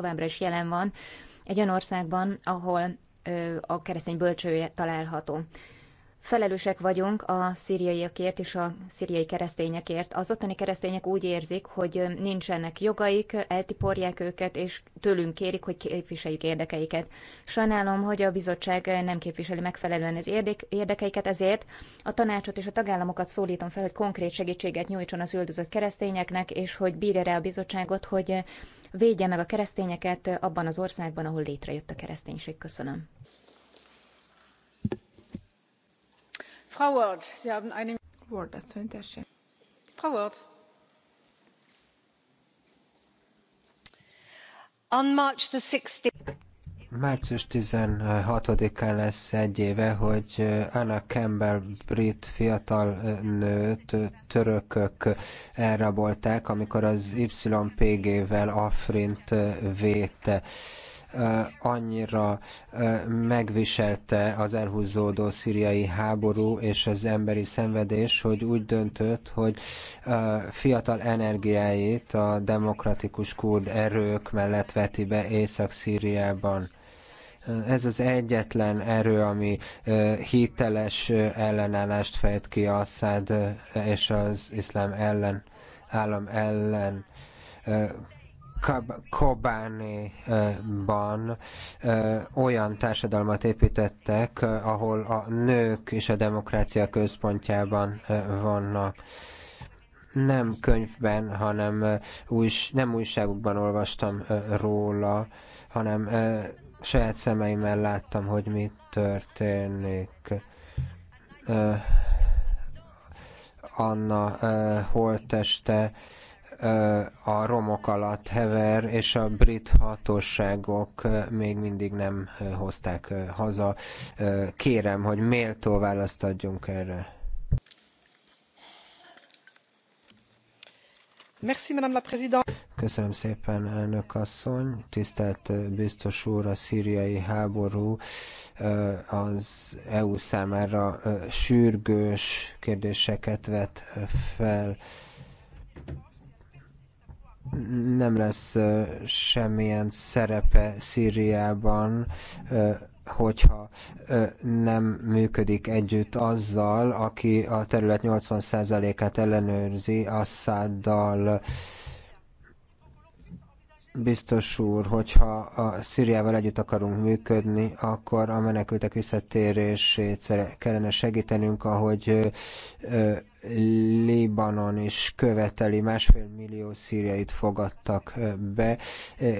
továbbra is jelen van egy olyan országban, ahol a keresztény bölcsője található. Felelősek vagyunk a szíriaiakért és a szíriai keresztényekért. Az ottani keresztények úgy érzik, hogy nincsenek jogaik, eltiporják őket, és tőlünk kérik, hogy képviseljük érdekeiket. Sajnálom, hogy a bizottság nem képviseli megfelelően az érdekeiket, ezért a tanácsot és a tagállamokat szólítom fel, hogy konkrét segítséget nyújtson az üldözött keresztényeknek, és hogy bírja rá a bizottságot, hogy védje meg a keresztényeket abban az országban, ahol létrejött a kereszténység. Köszönöm. Frau Frau március 16-án lesz egy éve, hogy uh, Anna Campbell brit fiatal uh, nőt uh, törökök elrabolták, amikor az YPG-vel Afrint védte annyira megviselte az elhúzódó szíriai háború és az emberi szenvedés, hogy úgy döntött, hogy fiatal energiáit a demokratikus kurd erők mellett veti be Észak-Szíriában. Ez az egyetlen erő, ami hiteles ellenállást fejt ki Assad és az iszlám ellen, állam ellen Kabáni-ban olyan társadalmat építettek, ahol a nők és a demokrácia központjában vannak nem könyvben, hanem újs, nem újságokban olvastam róla, hanem saját szemeimmel láttam, hogy mi történik. Anna holteste a romok alatt hever, és a brit hatóságok még mindig nem hozták haza. Kérem, hogy méltó választ adjunk erre. Merci, Madame la Présidente. Köszönöm szépen, elnök asszony. Tisztelt biztos úr, a szíriai háború az EU számára sürgős kérdéseket vet fel nem lesz semmilyen szerepe Szíriában, hogyha nem működik együtt azzal, aki a terület 80%-át ellenőrzi Assaddal Biztos úr, hogyha a Szíriával együtt akarunk működni, akkor a menekültek visszatérését kellene segítenünk, ahogy Libanon is követeli, másfél millió szíriait fogadtak be.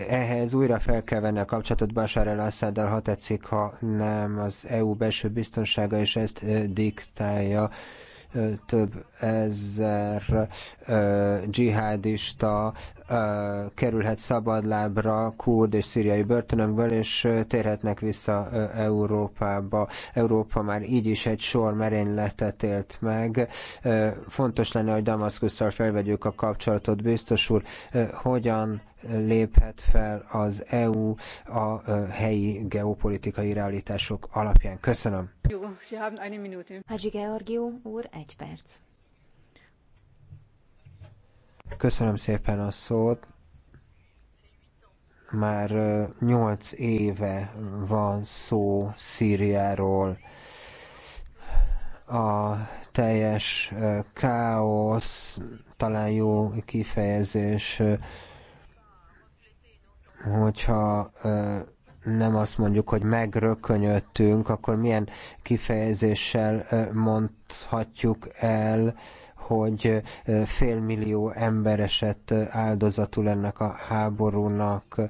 Ehhez újra fel kell venni a kapcsolatot Bashar el-Assaddal, ha tetszik, ha nem, az EU belső biztonsága is ezt diktálja több ezer dzsihádista kerülhet szabadlábra kurd és szíriai börtönökből, és térhetnek vissza Európába. Európa már így is egy sor merényletet élt meg. Fontos lenne, hogy Damaszkusszal felvegyük a kapcsolatot. Biztos úr, hogyan léphet fel az EU a helyi geopolitikai realitások alapján. Köszönöm. Jó, Sie haben eine Minute. Hadzsi Georgiou úr, egy perc. Köszönöm szépen a szót már nyolc éve van szó Szíriáról. A teljes káosz, talán jó kifejezés, hogyha nem azt mondjuk, hogy megrökönyödtünk, akkor milyen kifejezéssel mondhatjuk el, hogy félmillió ember esett áldozatul ennek a háborúnak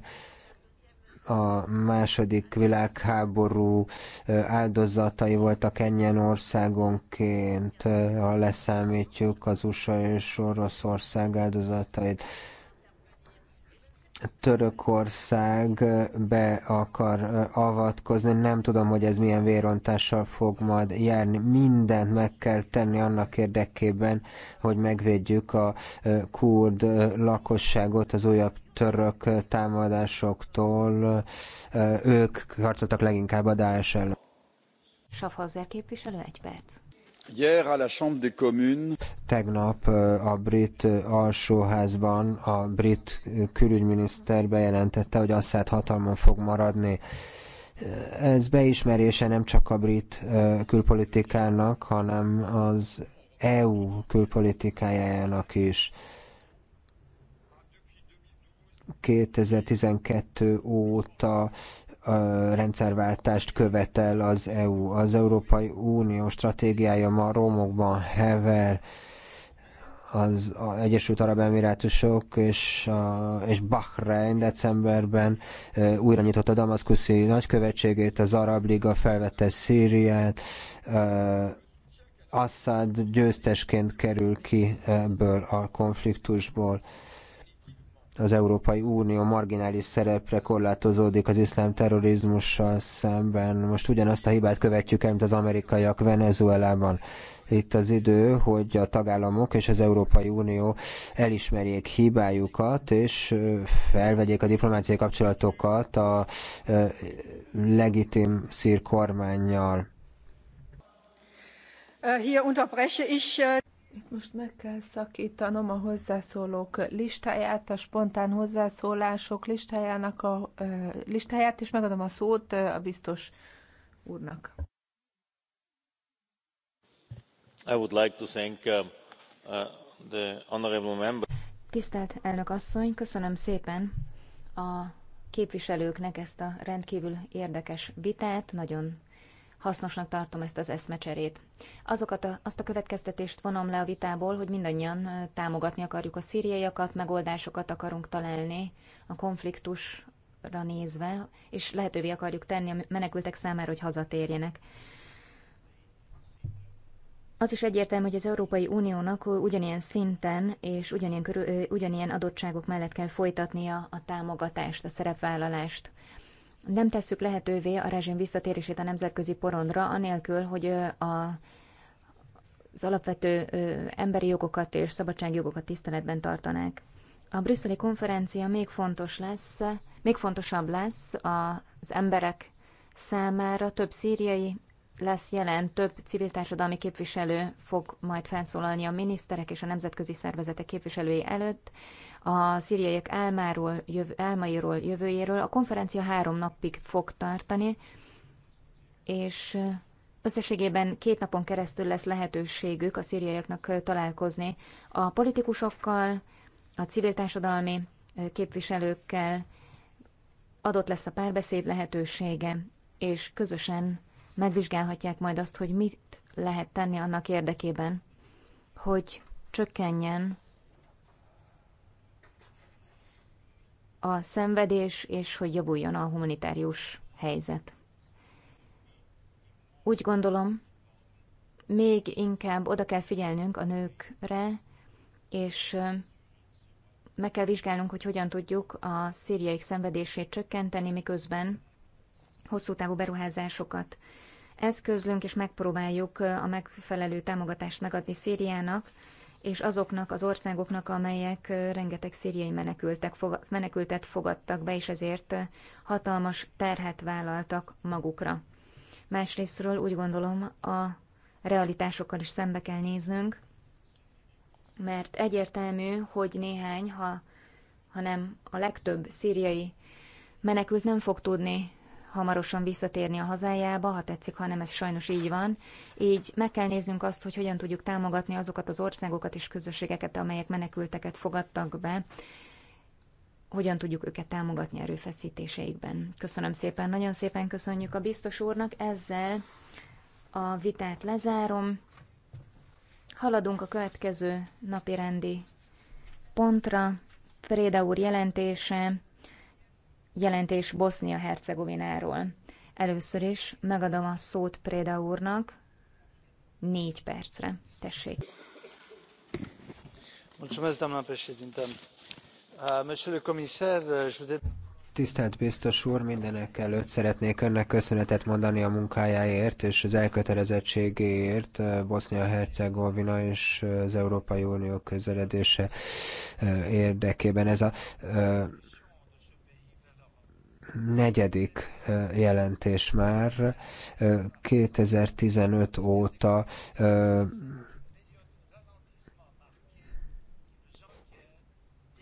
a második világháború áldozatai voltak ennyien országonként, ha leszámítjuk az USA és Oroszország áldozatait. Törökország be akar avatkozni. Nem tudom, hogy ez milyen vérontással fog majd járni. Mindent meg kell tenni annak érdekében, hogy megvédjük a kurd lakosságot az újabb török támadásoktól. Ők harcoltak leginkább a Daesh ellen. Safhauser képviselő, egy perc. Tegnap a brit alsóházban a brit külügyminiszter bejelentette, hogy Assad hatalmon fog maradni. Ez beismerése nem csak a brit külpolitikának, hanem az EU külpolitikájának is. 2012 óta rendszerváltást követel az EU. Az Európai Unió stratégiája ma romokban hever, az Egyesült Arab Emirátusok és, a, és Bahrein decemberben újra nyitott a Damaszkuszi nagykövetségét, az Arab Liga felvette Szíriát, Assad győztesként kerül ki ebből a konfliktusból az Európai Unió marginális szerepre korlátozódik az iszlám terrorizmussal szemben. Most ugyanazt a hibát követjük el, mint az amerikaiak Venezuelában. Itt az idő, hogy a tagállamok és az Európai Unió elismerjék hibájukat, és felvegyék a diplomáciai kapcsolatokat a legitim szír kormányjal. Hier unterbreche ich itt most meg kell szakítanom a hozzászólók listáját, a spontán hozzászólások listájának a listáját, és megadom a szót a biztos úrnak. I would like to thank uh, uh, the honorable member. Tisztelt elnök asszony, köszönöm szépen a képviselőknek ezt a rendkívül érdekes vitát, nagyon hasznosnak tartom ezt az eszmecserét. Azokat a, azt a következtetést vonom le a vitából, hogy mindannyian támogatni akarjuk a szíriaiakat, megoldásokat akarunk találni a konfliktusra nézve, és lehetővé akarjuk tenni a menekültek számára, hogy hazatérjenek. Az is egyértelmű, hogy az Európai Uniónak ugyanilyen szinten és ugyanilyen, körül, ugyanilyen adottságok mellett kell folytatnia a támogatást, a szerepvállalást nem tesszük lehetővé a rezsim visszatérését a nemzetközi porondra anélkül, hogy a, az alapvető emberi jogokat és szabadságjogokat tiszteletben tartanák. A brüsszeli konferencia még fontos lesz, még fontosabb lesz az emberek számára. Több szíriai lesz jelen, több civil társadalmi képviselő fog majd felszólalni a miniszterek és a nemzetközi szervezetek képviselői előtt a szíriaiak álmáról, jöv, álmairól, jövőjéről. A konferencia három napig fog tartani, és összességében két napon keresztül lesz lehetőségük a szíriaiaknak találkozni a politikusokkal, a civil társadalmi képviselőkkel, adott lesz a párbeszéd lehetősége, és közösen megvizsgálhatják majd azt, hogy mit lehet tenni annak érdekében, hogy csökkenjen a szenvedés, és hogy javuljon a humanitárius helyzet. Úgy gondolom, még inkább oda kell figyelnünk a nőkre, és meg kell vizsgálnunk, hogy hogyan tudjuk a szíriaik szenvedését csökkenteni, miközben hosszú távú beruházásokat eszközlünk, és megpróbáljuk a megfelelő támogatást megadni Szíriának, és azoknak az országoknak, amelyek rengeteg szíriai menekültek, menekültet fogadtak be, és ezért hatalmas terhet vállaltak magukra. Másrésztről úgy gondolom, a realitásokkal is szembe kell néznünk, mert egyértelmű, hogy néhány, ha, ha nem a legtöbb szíriai menekült nem fog tudni hamarosan visszatérni a hazájába, ha tetszik, ha nem, ez sajnos így van. Így meg kell néznünk azt, hogy hogyan tudjuk támogatni azokat az országokat és közösségeket, amelyek menekülteket fogadtak be, hogyan tudjuk őket támogatni erőfeszítéseikben. Köszönöm szépen, nagyon szépen köszönjük a biztos úrnak. Ezzel a vitát lezárom. Haladunk a következő napi rendi pontra. Préda úr jelentése jelentés Bosznia-Hercegovináról. Először is megadom a szót Préda úrnak négy percre. Tessék. Uh, uh, Tisztelt biztos úr, mindenek előtt szeretnék önnek köszönetet mondani a munkájáért és az elkötelezettségéért uh, Bosznia-Hercegovina és az Európai Unió közeledése érdekében. Ez a negyedik jelentés már 2015 óta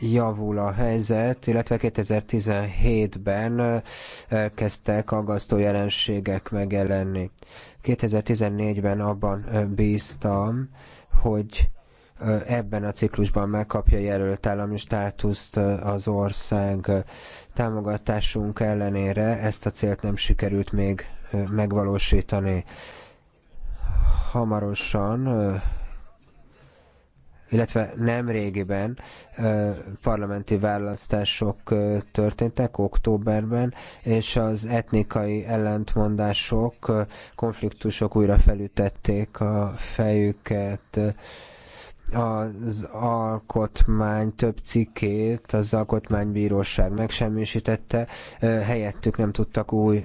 javul a helyzet, illetve 2017-ben kezdtek aggasztó jelenségek megjelenni. 2014-ben abban bíztam, hogy ebben a ciklusban megkapja jelölt állami státuszt az ország támogatásunk ellenére, ezt a célt nem sikerült még megvalósítani. Hamarosan illetve nem régiben parlamenti választások történtek októberben, és az etnikai ellentmondások, konfliktusok újra felütették a fejüket az alkotmány több cikkét az alkotmánybíróság megsemmisítette, helyettük nem tudtak új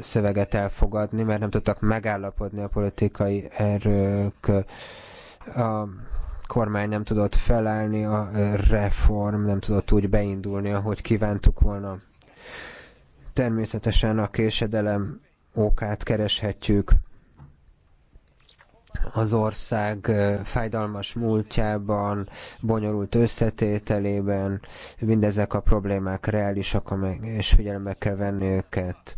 szöveget elfogadni, mert nem tudtak megállapodni a politikai erők. A kormány nem tudott felállni, a reform nem tudott úgy beindulni, ahogy kívántuk volna. Természetesen a késedelem okát kereshetjük az ország fájdalmas múltjában, bonyolult összetételében, mindezek a problémák reálisak, és figyelembe kell venni őket.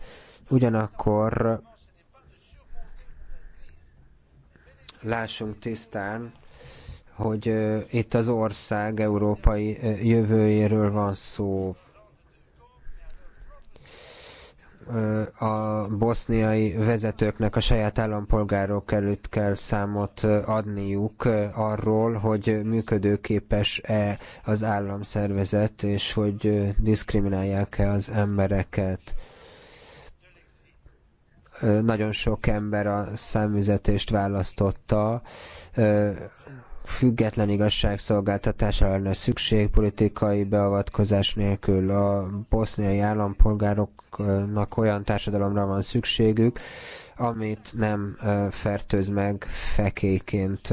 Ugyanakkor lássunk tisztán, hogy itt az ország európai jövőjéről van szó, a boszniai vezetőknek a saját állampolgárok előtt kell számot adniuk arról, hogy működőképes-e az államszervezet, és hogy diszkriminálják-e az embereket nagyon sok ember a számüzetést választotta független igazságszolgáltatás lenne szükség politikai beavatkozás nélkül. A boszniai állampolgároknak olyan társadalomra van szükségük, amit nem fertőz meg fekéként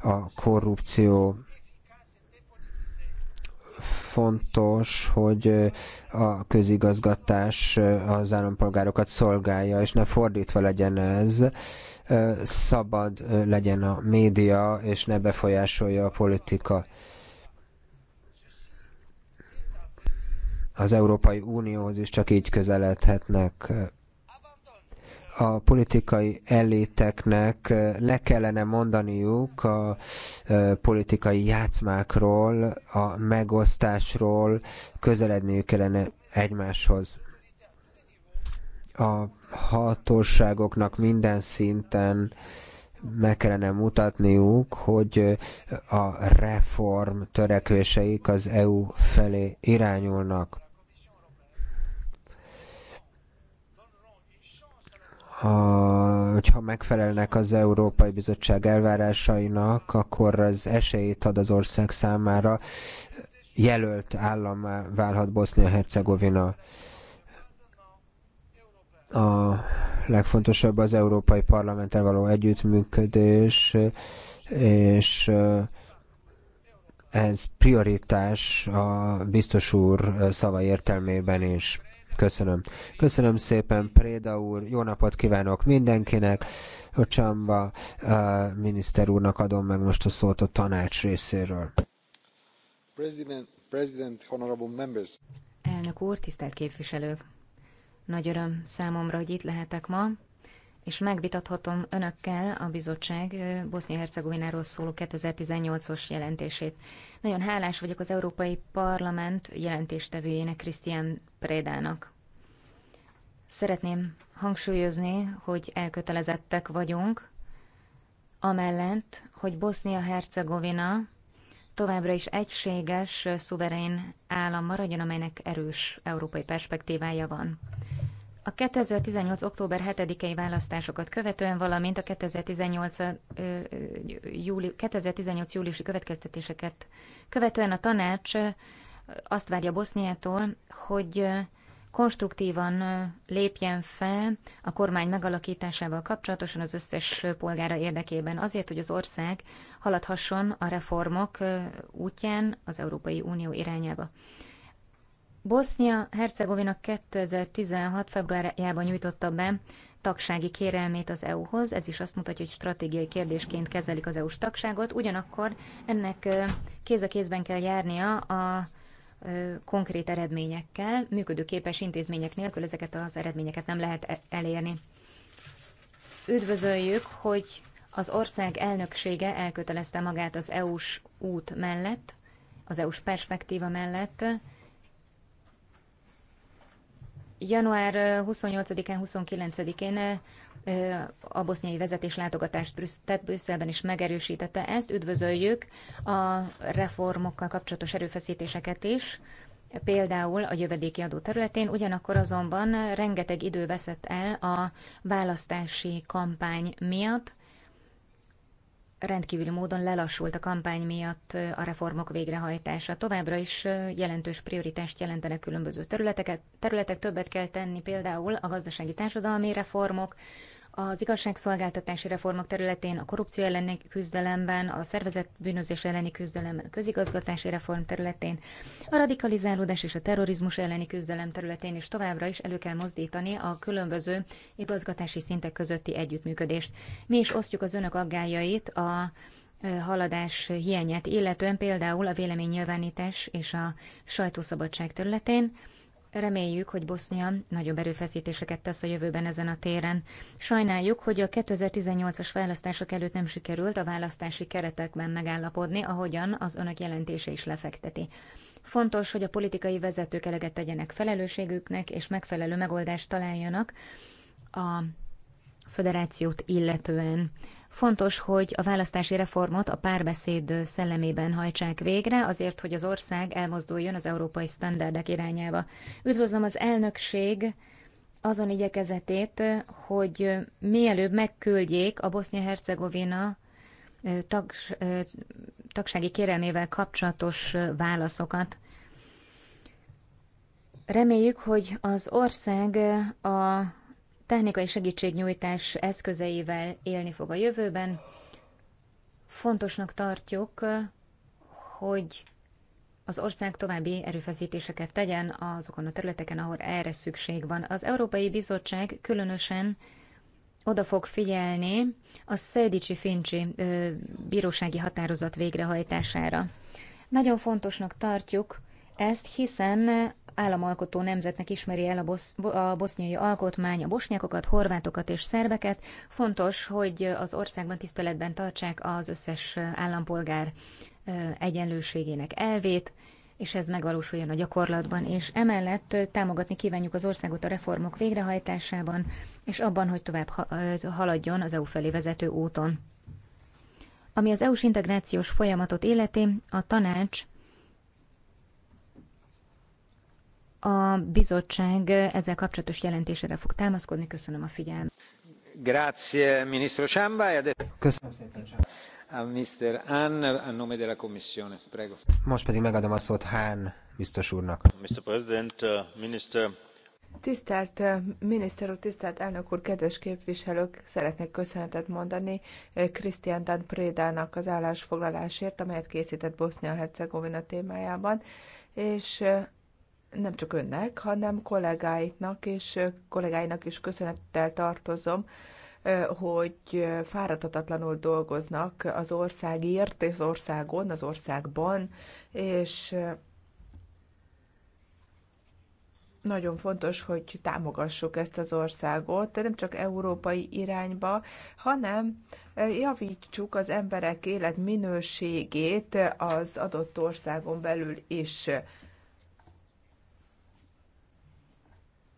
a korrupció. Fontos, hogy a közigazgatás az állampolgárokat szolgálja, és ne fordítva legyen ez szabad legyen a média, és ne befolyásolja a politika. Az Európai Unióhoz is csak így közeledhetnek a politikai eléteknek le kellene mondaniuk a politikai játszmákról, a megosztásról, közeledniük kellene egymáshoz. A hatóságoknak minden szinten meg kellene mutatniuk, hogy a reform törekvéseik az EU felé irányulnak. a, hogyha megfelelnek az Európai Bizottság elvárásainak, akkor az esélyt ad az ország számára jelölt állam válhat Bosznia-Hercegovina. A legfontosabb az Európai Parlamenttel való együttműködés, és eh, ez prioritás a biztos úr eh, szava értelmében is. Köszönöm. Köszönöm szépen, Préda úr. Jó napot kívánok mindenkinek. A Csamba eh, miniszter úrnak adom meg most a szót a tanács részéről. President, President, honorable members. Elnök úr, tisztelt képviselők! Nagy öröm számomra, hogy itt lehetek ma, és megvitathatom önökkel a bizottság Bosznia-Hercegovináról szóló 2018-os jelentését. Nagyon hálás vagyok az Európai Parlament jelentéstevőjének, Krisztián Prédának. Szeretném hangsúlyozni, hogy elkötelezettek vagyunk, amellett, hogy Bosznia-Hercegovina továbbra is egységes, szuverén állam maradjon, amelynek erős európai perspektívája van. A 2018. október 7-i választásokat követően, valamint a 2018, júli, 2018 júliusi következtetéseket követően a tanács azt várja Boszniától, hogy konstruktívan lépjen fel a kormány megalakításával kapcsolatosan az összes polgára érdekében, azért, hogy az ország haladhasson a reformok útján az Európai Unió irányába. Bosznia-Hercegovina 2016. februárjában nyújtotta be tagsági kérelmét az EU-hoz, ez is azt mutatja, hogy stratégiai kérdésként kezelik az EU-s tagságot, ugyanakkor ennek kéz a kézben kell járnia a konkrét eredményekkel, működőképes intézmények nélkül ezeket az eredményeket nem lehet e- elérni. Üdvözöljük, hogy az ország elnöksége elkötelezte magát az EU-s út mellett, az EU-s perspektíva mellett, Január 28-án, 29-én a boszniai vezetés látogatást tett Brüsszelben is megerősítette ezt. Üdvözöljük a reformokkal kapcsolatos erőfeszítéseket is, például a jövedéki adó területén, ugyanakkor azonban rengeteg idő veszett el a választási kampány miatt, rendkívüli módon lelassult a kampány miatt a reformok végrehajtása. Továbbra is jelentős prioritást jelentenek különböző területeket. Területek többet kell tenni, például a gazdasági társadalmi reformok, az igazságszolgáltatási reformok területén, a korrupció elleni küzdelemben, a szervezett bűnözés elleni küzdelemben, a közigazgatási reform területén, a radikalizálódás és a terrorizmus elleni küzdelem területén is továbbra is elő kell mozdítani a különböző igazgatási szintek közötti együttműködést. Mi is osztjuk az önök aggájait a haladás hiányát, illetően például a véleménynyilvánítás és a sajtószabadság területén, Reméljük, hogy Bosznia nagyobb erőfeszítéseket tesz a jövőben ezen a téren. Sajnáljuk, hogy a 2018-as választások előtt nem sikerült a választási keretekben megállapodni, ahogyan az önök jelentése is lefekteti. Fontos, hogy a politikai vezetők eleget tegyenek felelősségüknek, és megfelelő megoldást találjanak a föderációt illetően. Fontos, hogy a választási reformot a párbeszéd szellemében hajtsák végre, azért, hogy az ország elmozduljon az európai standardek irányába. Üdvözlöm az elnökség azon igyekezetét, hogy mielőbb megküldjék a Bosznia-Hercegovina tags, tagsági kérelmével kapcsolatos válaszokat. Reméljük, hogy az ország a technikai segítségnyújtás eszközeivel élni fog a jövőben. Fontosnak tartjuk, hogy az ország további erőfeszítéseket tegyen azokon a területeken, ahol erre szükség van. Az Európai Bizottság különösen oda fog figyelni a Szedicsi Fincsi bírósági határozat végrehajtására. Nagyon fontosnak tartjuk ezt, hiszen államalkotó nemzetnek ismeri el a, bosz, a boszniai alkotmány a bosnyákokat, horvátokat és szerbeket. Fontos, hogy az országban tiszteletben tartsák az összes állampolgár egyenlőségének elvét, és ez megvalósuljon a gyakorlatban, és emellett támogatni kívánjuk az országot a reformok végrehajtásában, és abban, hogy tovább haladjon az EU felé vezető úton. Ami az EU-s integrációs folyamatot életi, a tanács a bizottság ezzel kapcsolatos jelentésére fog támaszkodni. Köszönöm a figyelmet. Grazie, ministro Samba. E Köszönöm szépen, a Mr. Hahn, a nome della Commissione. Prego. Most pedig megadom a szót Hahn biztos úrnak. Mr. President, uh, Minister, Tisztelt uh, miniszter úr, tisztelt elnök úr, kedves képviselők, szeretnék köszönetet mondani Krisztián uh, Dan Prédának az állásfoglalásért, amelyet készített Bosznia-Hercegovina témájában, és nem csak önnek, hanem kollégáitnak és kollégáinak is köszönettel tartozom, hogy fáradhatatlanul dolgoznak az országért, az országon, az országban, és nagyon fontos, hogy támogassuk ezt az országot, nem csak európai irányba, hanem javítsuk az emberek életminőségét az adott országon belül is.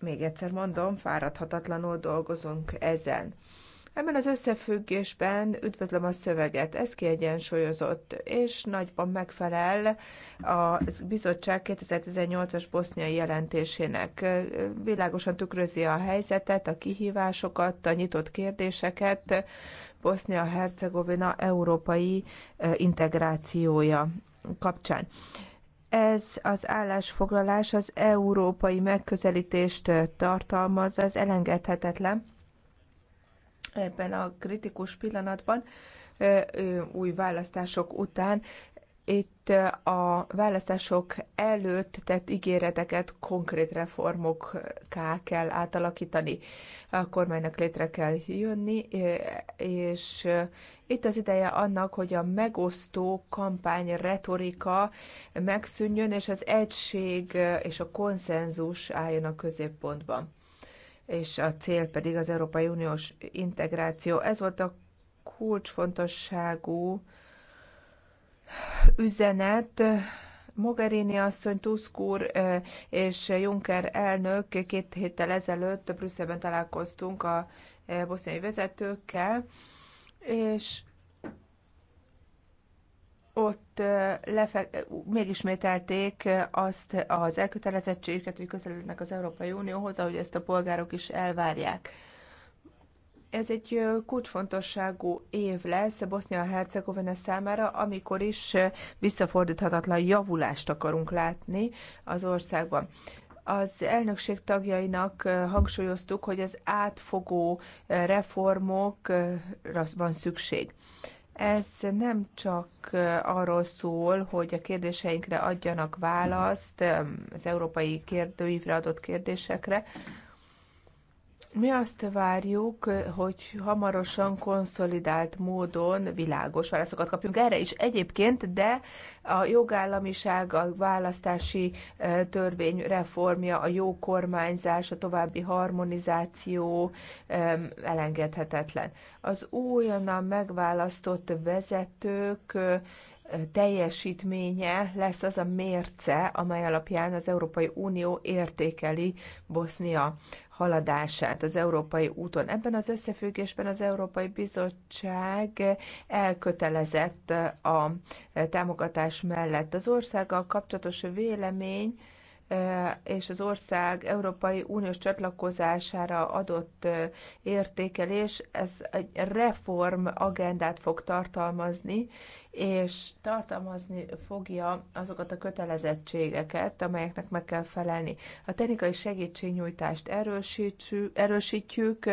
Még egyszer mondom, fáradhatatlanul dolgozunk ezen. Ebben az összefüggésben üdvözlöm a szöveget, ez kiegyensúlyozott, és nagyban megfelel a bizottság 2018-as boszniai jelentésének. Világosan tükrözi a helyzetet, a kihívásokat, a nyitott kérdéseket, Bosznia-Hercegovina európai eh, integrációja kapcsán. Ez az állásfoglalás az európai megközelítést tartalmaz, ez elengedhetetlen ebben a kritikus pillanatban új választások után itt a választások előtt tett ígéreteket konkrét reformokká kell átalakítani. A kormánynak létre kell jönni, és itt az ideje annak, hogy a megosztó kampány retorika megszűnjön, és az egység és a konszenzus álljon a középpontban, És a cél pedig az Európai Uniós integráció. Ez volt a kulcsfontosságú üzenet. Mogherini asszony, Tusk úr és Juncker elnök két héttel ezelőtt Brüsszelben találkoztunk a boszniai vezetőkkel, és ott lefe- megismételték azt az elkötelezettségüket, hogy közelednek az Európai Unióhoz, ahogy ezt a polgárok is elvárják. Ez egy kulcsfontosságú év lesz a Bosznia-Hercegovina számára, amikor is visszafordíthatatlan javulást akarunk látni az országban az elnökség tagjainak hangsúlyoztuk, hogy az átfogó reformokra van szükség. Ez nem csak arról szól, hogy a kérdéseinkre adjanak választ, az európai kérdőívre adott kérdésekre, mi azt várjuk, hogy hamarosan konszolidált módon világos válaszokat kapjunk erre is egyébként, de a jogállamiság, a választási e, törvény reformja, a jó kormányzás, a további harmonizáció e, elengedhetetlen. Az újonnan megválasztott vezetők e, teljesítménye lesz az a mérce, amely alapján az Európai Unió értékeli Bosznia haladását az európai úton. Ebben az összefüggésben az Európai Bizottság elkötelezett a támogatás mellett. Az országgal kapcsolatos vélemény E, és az ország Európai Uniós csatlakozására adott e, értékelés, ez egy reform agendát fog tartalmazni, és tartalmazni fogja azokat a kötelezettségeket, amelyeknek meg kell felelni. A technikai segítségnyújtást erősítsük, erősítjük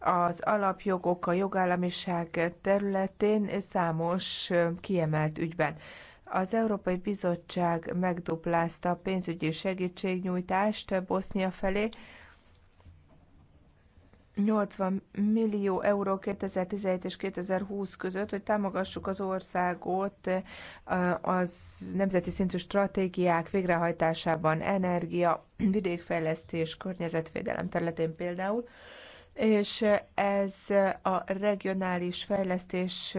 az alapjogok a jogállamiság területén számos kiemelt ügyben. Az Európai Bizottság megduplázta a pénzügyi segítségnyújtást Bosznia felé, 80 millió euró 2017 és 2020 között, hogy támogassuk az országot az nemzeti szintű stratégiák végrehajtásában, energia, vidékfejlesztés, környezetvédelem területén például, és ez a regionális fejlesztés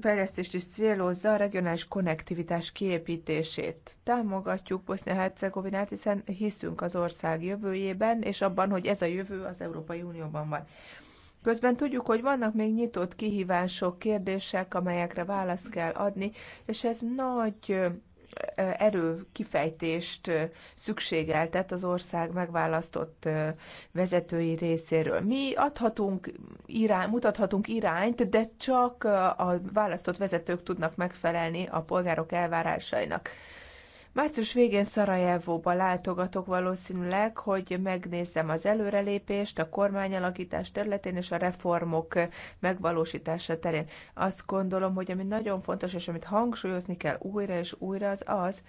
fejlesztést is célozza a regionális konnektivitás kiépítését. Támogatjuk Bosznia-Hercegovinát, hiszen hiszünk az ország jövőjében, és abban, hogy ez a jövő az Európai Unióban van. Közben tudjuk, hogy vannak még nyitott kihívások, kérdések, amelyekre választ kell adni, és ez nagy erő kifejtést szükségeltet az ország megválasztott vezetői részéről. Mi adhatunk irány, mutathatunk irányt, de csak a választott vezetők tudnak megfelelni a polgárok elvárásainak. Március végén Szarajevóba látogatok valószínűleg, hogy megnézzem az előrelépést a kormányalakítás területén és a reformok megvalósítása terén. Azt gondolom, hogy ami nagyon fontos, és amit hangsúlyozni kell újra és újra, az az,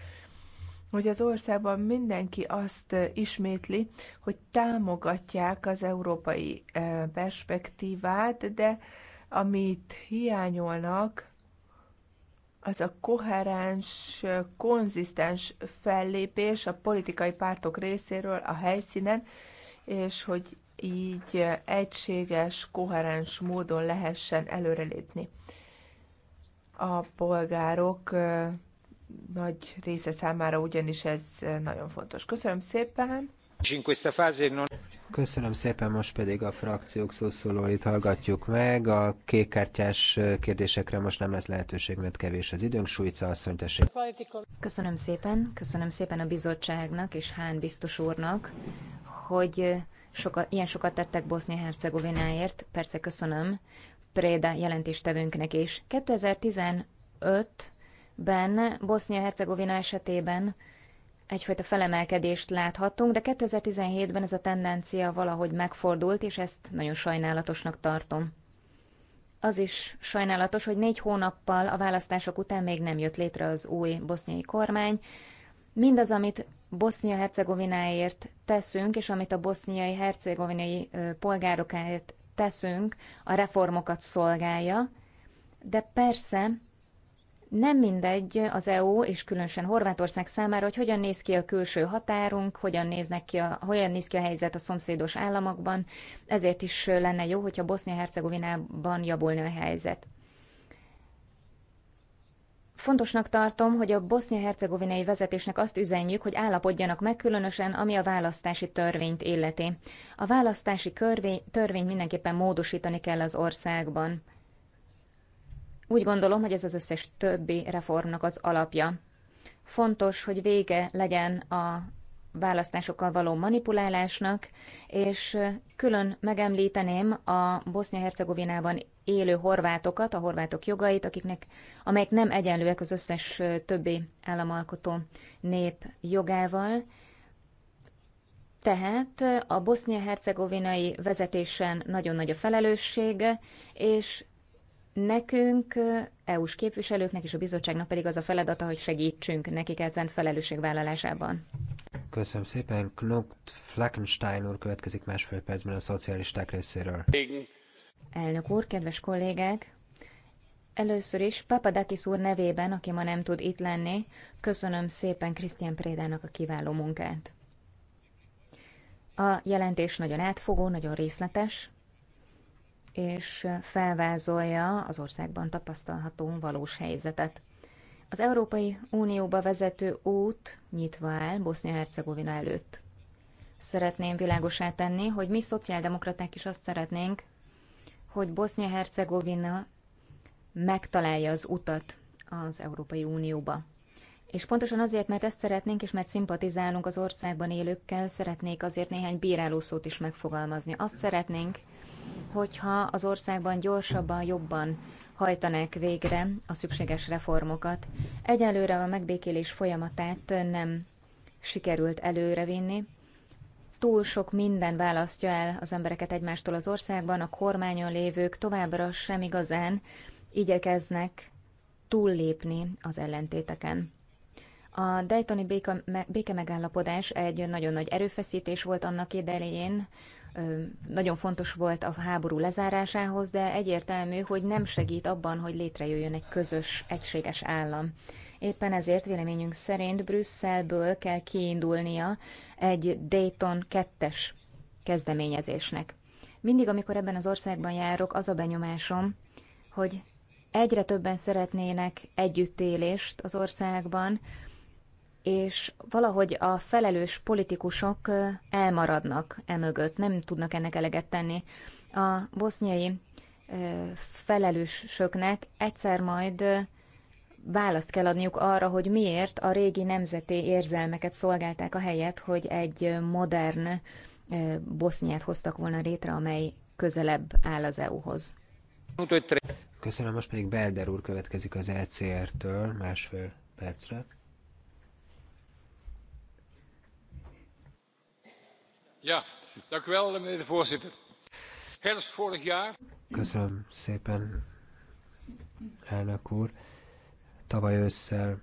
hogy az országban mindenki azt ismétli, hogy támogatják az európai eh, perspektívát, de amit hiányolnak, az a koherens, konzisztens fellépés a politikai pártok részéről a helyszínen, és hogy így egységes, koherens módon lehessen előrelépni. A polgárok nagy része számára ugyanis ez nagyon fontos. Köszönöm szépen! Köszönöm szépen, most pedig a frakciók szószólóit hallgatjuk meg. A kékkártyás kérdésekre most nem lesz lehetőség, mert kevés az időnk. Sújca asszony, tessék. Köszönöm szépen, köszönöm szépen a bizottságnak és Hán biztos úrnak, hogy soka, ilyen sokat tettek Bosznia-Hercegovináért. Persze köszönöm Préda jelentéstevőnknek is. 2015-ben Bosznia-Hercegovina esetében egyfajta felemelkedést láthattunk, de 2017-ben ez a tendencia valahogy megfordult, és ezt nagyon sajnálatosnak tartom. Az is sajnálatos, hogy négy hónappal a választások után még nem jött létre az új boszniai kormány. Mindaz, amit Bosznia-Hercegovináért teszünk, és amit a boszniai-hercegovinai polgárokért teszünk, a reformokat szolgálja, de persze nem mindegy az EU, és különösen Horvátország számára, hogy hogyan néz ki a külső határunk, hogyan, néznek ki a, hogyan néz ki a helyzet a szomszédos államokban, ezért is lenne jó, hogyha Bosznia-Hercegovinában javulna a helyzet. Fontosnak tartom, hogy a bosznia-hercegovinai vezetésnek azt üzenjük, hogy állapodjanak meg különösen, ami a választási törvényt illeti. A választási törvény, törvényt mindenképpen módosítani kell az országban. Úgy gondolom, hogy ez az összes többi reformnak az alapja. Fontos, hogy vége legyen a választásokkal való manipulálásnak, és külön megemlíteném a Bosznia-Hercegovinában élő horvátokat, a horvátok jogait, akiknek, amelyek nem egyenlőek az összes többi államalkotó nép jogával. Tehát a bosznia-hercegovinai vezetésen nagyon nagy a felelőssége, és Nekünk, EU-s képviselőknek és a bizottságnak pedig az a feladata, hogy segítsünk nekik ezen felelősségvállalásában. Köszönöm szépen. Knut Fleckenstein úr következik másfél percben a szocialisták részéről. Elnök úr, kedves kollégák! Először is Papadakis úr nevében, aki ma nem tud itt lenni, köszönöm szépen Krisztián Prédának a kiváló munkát. A jelentés nagyon átfogó, nagyon részletes, és felvázolja az országban tapasztalható valós helyzetet. Az Európai Unióba vezető út nyitva áll Bosznia-Hercegovina előtt. Szeretném világosá tenni, hogy mi szociáldemokraták is azt szeretnénk, hogy Bosznia-Hercegovina megtalálja az utat az Európai Unióba. És pontosan azért, mert ezt szeretnénk, és mert szimpatizálunk az országban élőkkel, szeretnék azért néhány bírálószót is megfogalmazni. Azt szeretnénk, hogyha az országban gyorsabban, jobban hajtanák végre a szükséges reformokat. Egyelőre a megbékélés folyamatát nem sikerült előrevinni. Túl sok minden választja el az embereket egymástól az országban, a kormányon lévők továbbra sem igazán igyekeznek túllépni az ellentéteken. A Daytoni béke, béke megállapodás egy nagyon nagy erőfeszítés volt annak idején, nagyon fontos volt a háború lezárásához, de egyértelmű, hogy nem segít abban, hogy létrejöjjön egy közös, egységes állam. Éppen ezért véleményünk szerint Brüsszelből kell kiindulnia egy Dayton 2 kezdeményezésnek. Mindig, amikor ebben az országban járok, az a benyomásom, hogy egyre többen szeretnének együttélést az országban, és valahogy a felelős politikusok elmaradnak emögött, nem tudnak ennek eleget tenni. A boszniai felelősöknek egyszer majd választ kell adniuk arra, hogy miért a régi nemzeti érzelmeket szolgálták a helyet, hogy egy modern Boszniát hoztak volna létre, amely közelebb áll az EU-hoz. Köszönöm, most pedig Belder úr következik az ECR-től másfél percre. Köszönöm szépen, elnök úr. Tavaly ősszel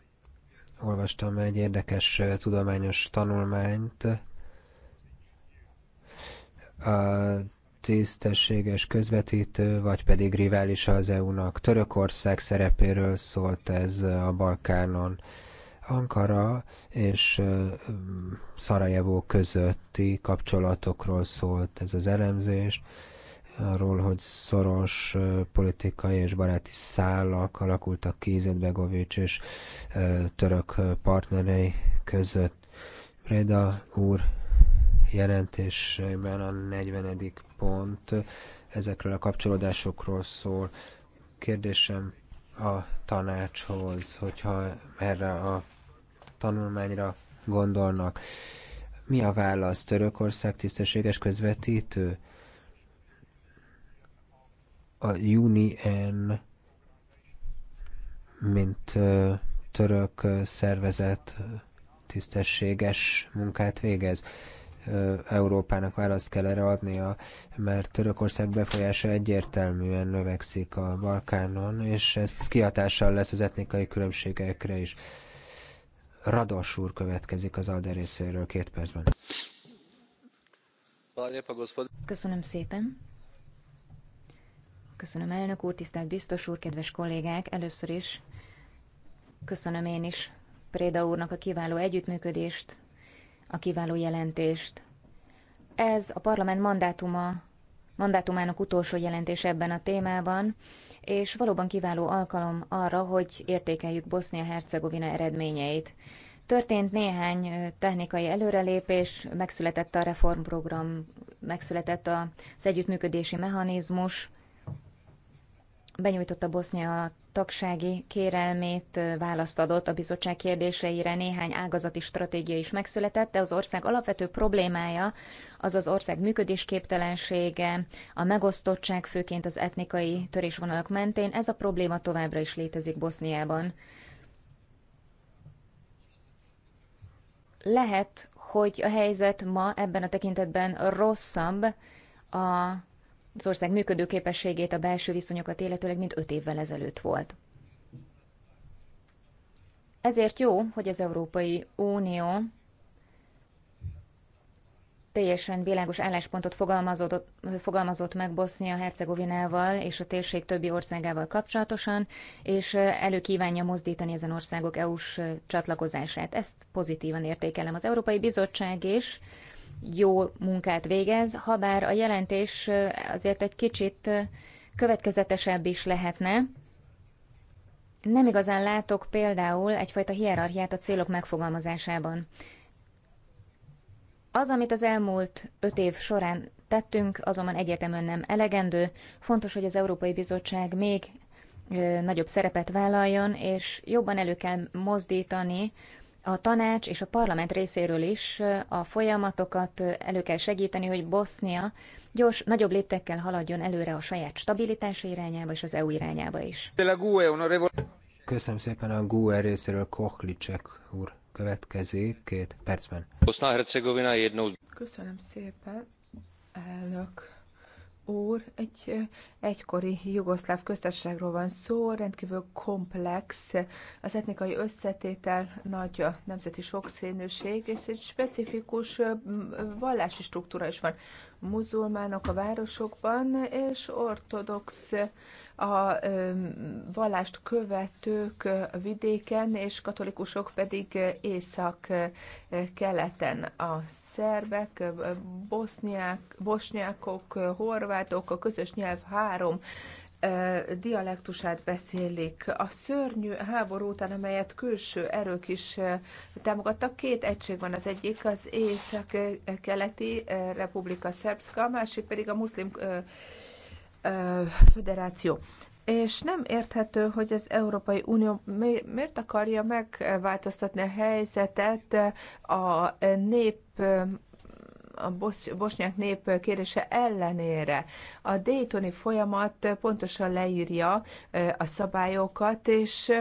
olvastam egy érdekes tudományos tanulmányt. A tisztességes közvetítő, vagy pedig rivális az EU-nak. Törökország szerepéről szólt ez a Balkánon. Ankara és Szarajevó közötti kapcsolatokról szólt ez az elemzés, arról, hogy szoros politikai és baráti szállak alakultak ki Izetbegovics és török partnerei között. Reda úr jelentésében a 40. pont ezekről a kapcsolódásokról szól. Kérdésem a tanácshoz, hogyha erre a tanulmányra gondolnak. Mi a válasz? Törökország tisztességes közvetítő? A UNIN, mint török szervezet tisztességes munkát végez. Európának választ kell erre adnia, mert Törökország befolyása egyértelműen növekszik a Balkánon, és ez kihatással lesz az etnikai különbségekre is. Rados úr következik az ALDE részéről két percben. Köszönöm szépen. Köszönöm elnök úr, tisztelt biztos úr, kedves kollégák. Először is köszönöm én is Préda úrnak a kiváló együttműködést, a kiváló jelentést. Ez a parlament mandátuma mandátumának utolsó jelentés ebben a témában, és valóban kiváló alkalom arra, hogy értékeljük Bosznia-Hercegovina eredményeit. Történt néhány technikai előrelépés, megszületett a reformprogram, megszületett az együttműködési mechanizmus, benyújtotta Bosznia a tagsági kérelmét, választ adott a bizottság kérdéseire, néhány ágazati stratégia is megszületett, de az ország alapvető problémája az az ország működésképtelensége, a megosztottság főként az etnikai törésvonalak mentén, ez a probléma továbbra is létezik Boszniában. Lehet, hogy a helyzet ma ebben a tekintetben rosszabb a, az ország működőképességét, a belső viszonyokat illetőleg, mint öt évvel ezelőtt volt. Ezért jó, hogy az Európai Unió teljesen világos álláspontot fogalmazott, fogalmazott meg Bosznia-Hercegovinával és a térség többi országával kapcsolatosan, és előkívánja mozdítani ezen országok EU-s csatlakozását. Ezt pozitívan értékelem. Az Európai Bizottság is jó munkát végez, habár a jelentés azért egy kicsit következetesebb is lehetne. Nem igazán látok például egyfajta hierarchiát a célok megfogalmazásában. Az, amit az elmúlt öt év során tettünk, azonban egyértelműen nem elegendő. Fontos, hogy az Európai Bizottság még nagyobb szerepet vállaljon, és jobban elő kell mozdítani a tanács és a parlament részéről is a folyamatokat elő kell segíteni, hogy Bosznia gyors, nagyobb léptekkel haladjon előre a saját stabilitása irányába és az EU irányába is. E, Köszönöm szépen a GUE részéről Kohlicek úr következik két percben. Köszönöm szépen, elnök úr. Egy eh, egykori jugoszláv köztársaságról van szó, rendkívül komplex. Az etnikai összetétel nagy a nemzeti sokszínűség, és egy specifikus eh, vallási struktúra is van muzulmánok a városokban, és ortodox a vallást követők vidéken, és katolikusok pedig észak-keleten. A szerbek, boszniák, bosnyákok, horvátok, a közös nyelv három dialektusát beszélik. A szörnyű háború után, amelyet külső erők is támogattak, két egység van. Az egyik az észak-keleti Republika Szerbszka, a másik pedig a muszlim föderáció. És nem érthető, hogy az Európai Unió miért akarja megváltoztatni a helyzetet a nép a bosnyák nép kérése ellenére. A Daytoni folyamat pontosan leírja a szabályokat, és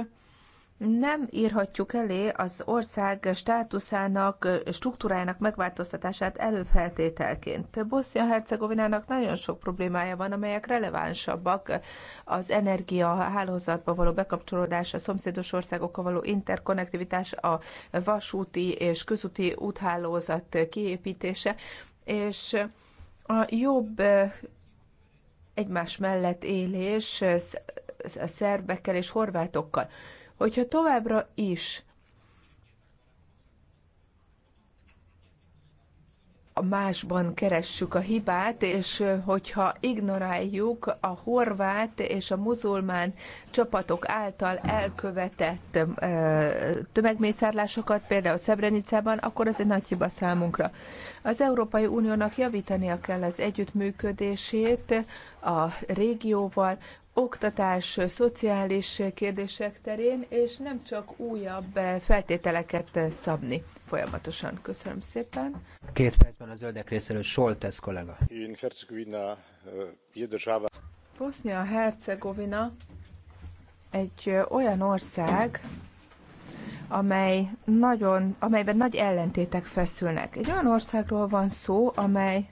nem írhatjuk elé az ország státuszának, struktúrájának megváltoztatását előfeltételként. Bosznia-Hercegovinának nagyon sok problémája van, amelyek relevánsabbak az energia hálózatba való bekapcsolódás, a szomszédos országokkal való interkonnektivitás, a vasúti és közúti úthálózat kiépítése, és a jobb eh, egymás mellett élés eh, a szerbekkel és horvátokkal hogyha továbbra is a másban keressük a hibát, és hogyha ignoráljuk a horvát és a muzulmán csapatok által elkövetett tömegmészárlásokat, például Szebrenicában, akkor ez egy nagy hiba számunkra. Az Európai Uniónak javítania kell az együttműködését a régióval, oktatás, szociális kérdések terén, és nem csak újabb feltételeket szabni folyamatosan. Köszönöm szépen. Két percben a zöldek részéről Soltesz kollega. Eh, bosnia hercegovina egy eh, olyan ország, amely nagyon, amelyben nagy ellentétek feszülnek. Egy olyan országról van szó, amely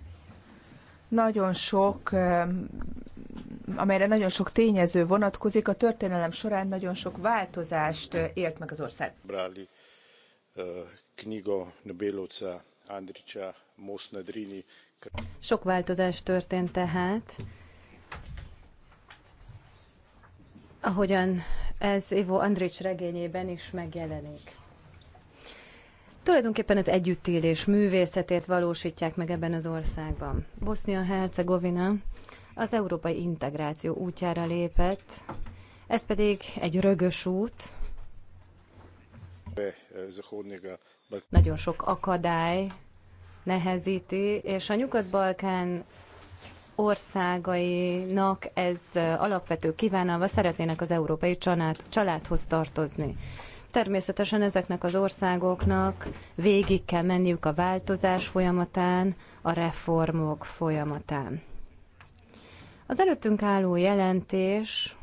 nagyon sok eh, amelyre nagyon sok tényező vonatkozik, a történelem során nagyon sok változást élt meg az ország. Brali, knigo nebeloca, Andricsa, Mosnadrini. Sok változás történt tehát. Ahogyan ez Ivo Andrics regényében is megjelenik. Tulajdonképpen az együttélés művészetét valósítják meg ebben az országban. Bosznia-Hercegovina az európai integráció útjára lépett. Ez pedig egy rögös út. Nagyon sok akadály nehezíti, és a Nyugat-Balkán országainak ez alapvető kívánalva szeretnének az európai család, családhoz tartozni. Természetesen ezeknek az országoknak végig kell menniük a változás folyamatán, a reformok folyamatán. Az előttünk álló jelentés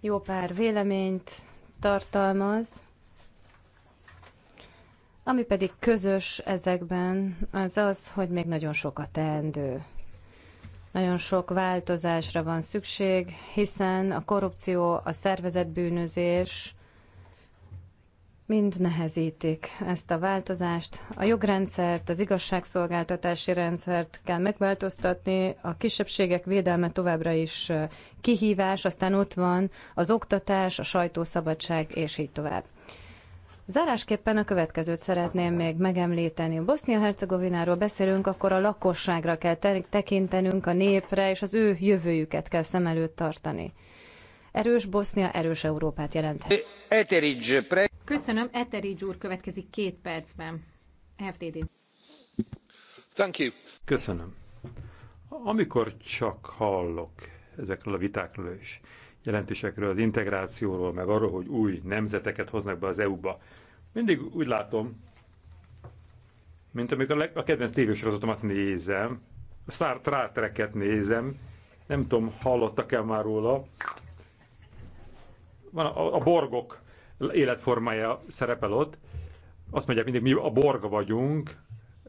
jó pár véleményt tartalmaz, ami pedig közös ezekben, az az, hogy még nagyon sok a teendő. Nagyon sok változásra van szükség, hiszen a korrupció, a szervezetbűnözés mind nehezítik ezt a változást. A jogrendszert, az igazságszolgáltatási rendszert kell megváltoztatni, a kisebbségek védelme továbbra is kihívás, aztán ott van az oktatás, a sajtószabadság, és így tovább. Zárásképpen a következőt szeretném még megemlíteni. a Bosznia-Hercegovináról beszélünk, akkor a lakosságra kell tekintenünk, a népre, és az ő jövőjüket kell szem előtt tartani. Erős Bosznia erős Európát jelenthet. Köszönöm, Etheridge úr következik két percben. FDD. Thank you. Köszönöm. Amikor csak hallok ezekről a vitákról és jelentésekről, az integrációról, meg arról, hogy új nemzeteket hoznak be az EU-ba, mindig úgy látom, mint amikor a, kedvenc tévésorozatomat nézem, a Star trek nézem, nem tudom, hallottak-e már róla, van a, a borgok életformája szerepel ott. Azt mondják mindig, mi a borga vagyunk,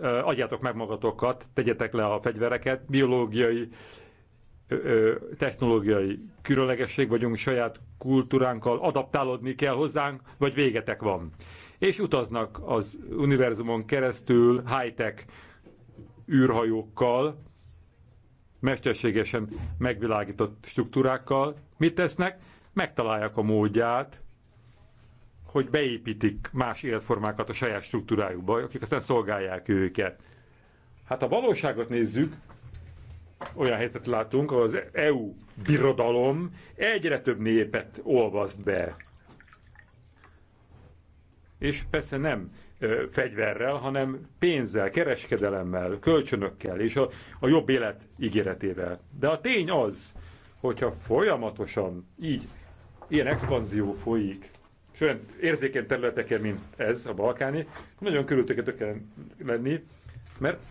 adjátok meg magatokat, tegyetek le a fegyvereket, biológiai, technológiai különlegesség vagyunk, saját kultúránkkal adaptálódni kell hozzánk, vagy végetek van. És utaznak az univerzumon keresztül high-tech űrhajókkal, mesterségesen megvilágított struktúrákkal. Mit tesznek? Megtalálják a módját hogy beépítik más életformákat a saját struktúrájukba, akik aztán szolgálják őket. Hát a valóságot nézzük, olyan helyzetet látunk, ahol az EU birodalom egyre több népet olvaszt be. És persze nem ö, fegyverrel, hanem pénzzel, kereskedelemmel, kölcsönökkel és a, a jobb élet ígéretével. De a tény az, hogyha folyamatosan így ilyen expanzió folyik, és olyan érzékeny területeken, mint ez, a balkáni, nagyon körültökető kell lenni, mert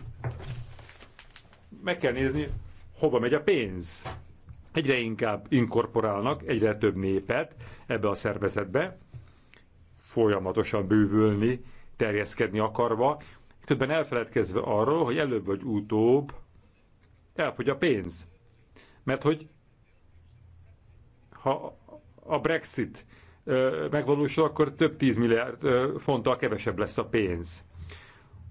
meg kell nézni, hova megy a pénz. Egyre inkább inkorporálnak egyre több népet ebbe a szervezetbe, folyamatosan bővülni, terjeszkedni akarva, többen elfeledkezve arról, hogy előbb vagy utóbb elfogy a pénz. Mert hogy ha a Brexit megvalósul, akkor több 10 milliárd fonttal kevesebb lesz a pénz.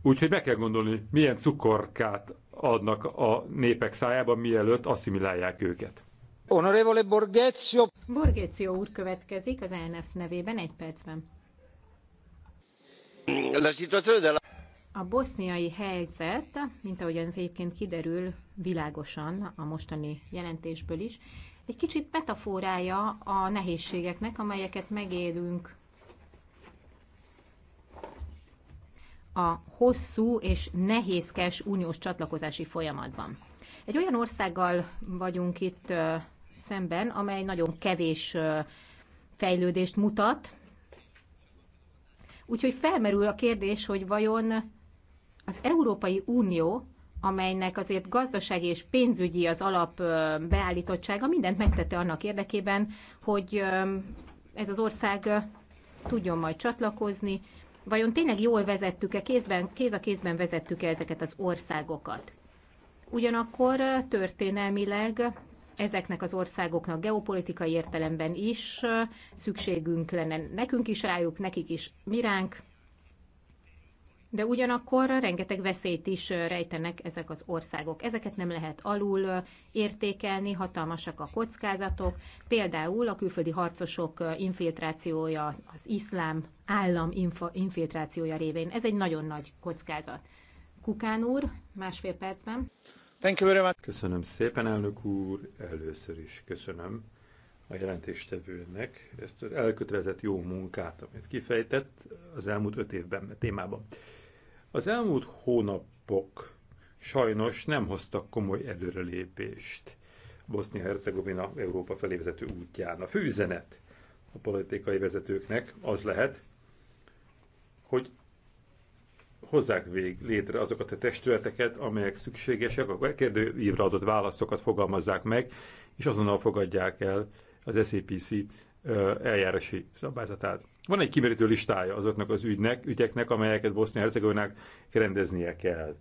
Úgyhogy meg kell gondolni, milyen cukorkát adnak a népek szájában, mielőtt asszimilálják őket. Honorevole Borgezio. Borgezio úr következik az ELNF nevében egy percben. A boszniai helyzet, mint ahogy az egyébként kiderül világosan a mostani jelentésből is, egy kicsit metaforája a nehézségeknek, amelyeket megélünk a hosszú és nehézkes uniós csatlakozási folyamatban. Egy olyan országgal vagyunk itt szemben, amely nagyon kevés fejlődést mutat, úgyhogy felmerül a kérdés, hogy vajon az Európai Unió amelynek azért gazdasági és pénzügyi az alap beállítottsága mindent megtette annak érdekében, hogy ez az ország tudjon majd csatlakozni. Vajon tényleg jól vezettük-e, kézben, kéz a kézben vezettük-e ezeket az országokat? Ugyanakkor történelmileg ezeknek az országoknak geopolitikai értelemben is szükségünk lenne. Nekünk is rájuk, nekik is miránk de ugyanakkor rengeteg veszélyt is rejtenek ezek az országok. Ezeket nem lehet alul értékelni, hatalmasak a kockázatok, például a külföldi harcosok infiltrációja, az iszlám állam infiltrációja révén. Ez egy nagyon nagy kockázat. Kukán úr, másfél percben. Thank you very much. Köszönöm szépen, elnök úr. Először is köszönöm a jelentéstevőnek ezt az elkötelezett jó munkát, amit kifejtett az elmúlt öt évben a témában. Az elmúlt hónapok sajnos nem hoztak komoly előrelépést Bosznia-Hercegovina Európa felé vezető útján. A főüzenet a politikai vezetőknek az lehet, hogy hozzák vég létre azokat a testületeket, amelyek szükségesek, a kérdőívra adott válaszokat fogalmazzák meg, és azonnal fogadják el az SAPC eljárási szabályzatát. Van egy kimerítő listája azoknak az ügynek, ügyeknek, amelyeket Bosznia-Hercegovinának rendeznie kell.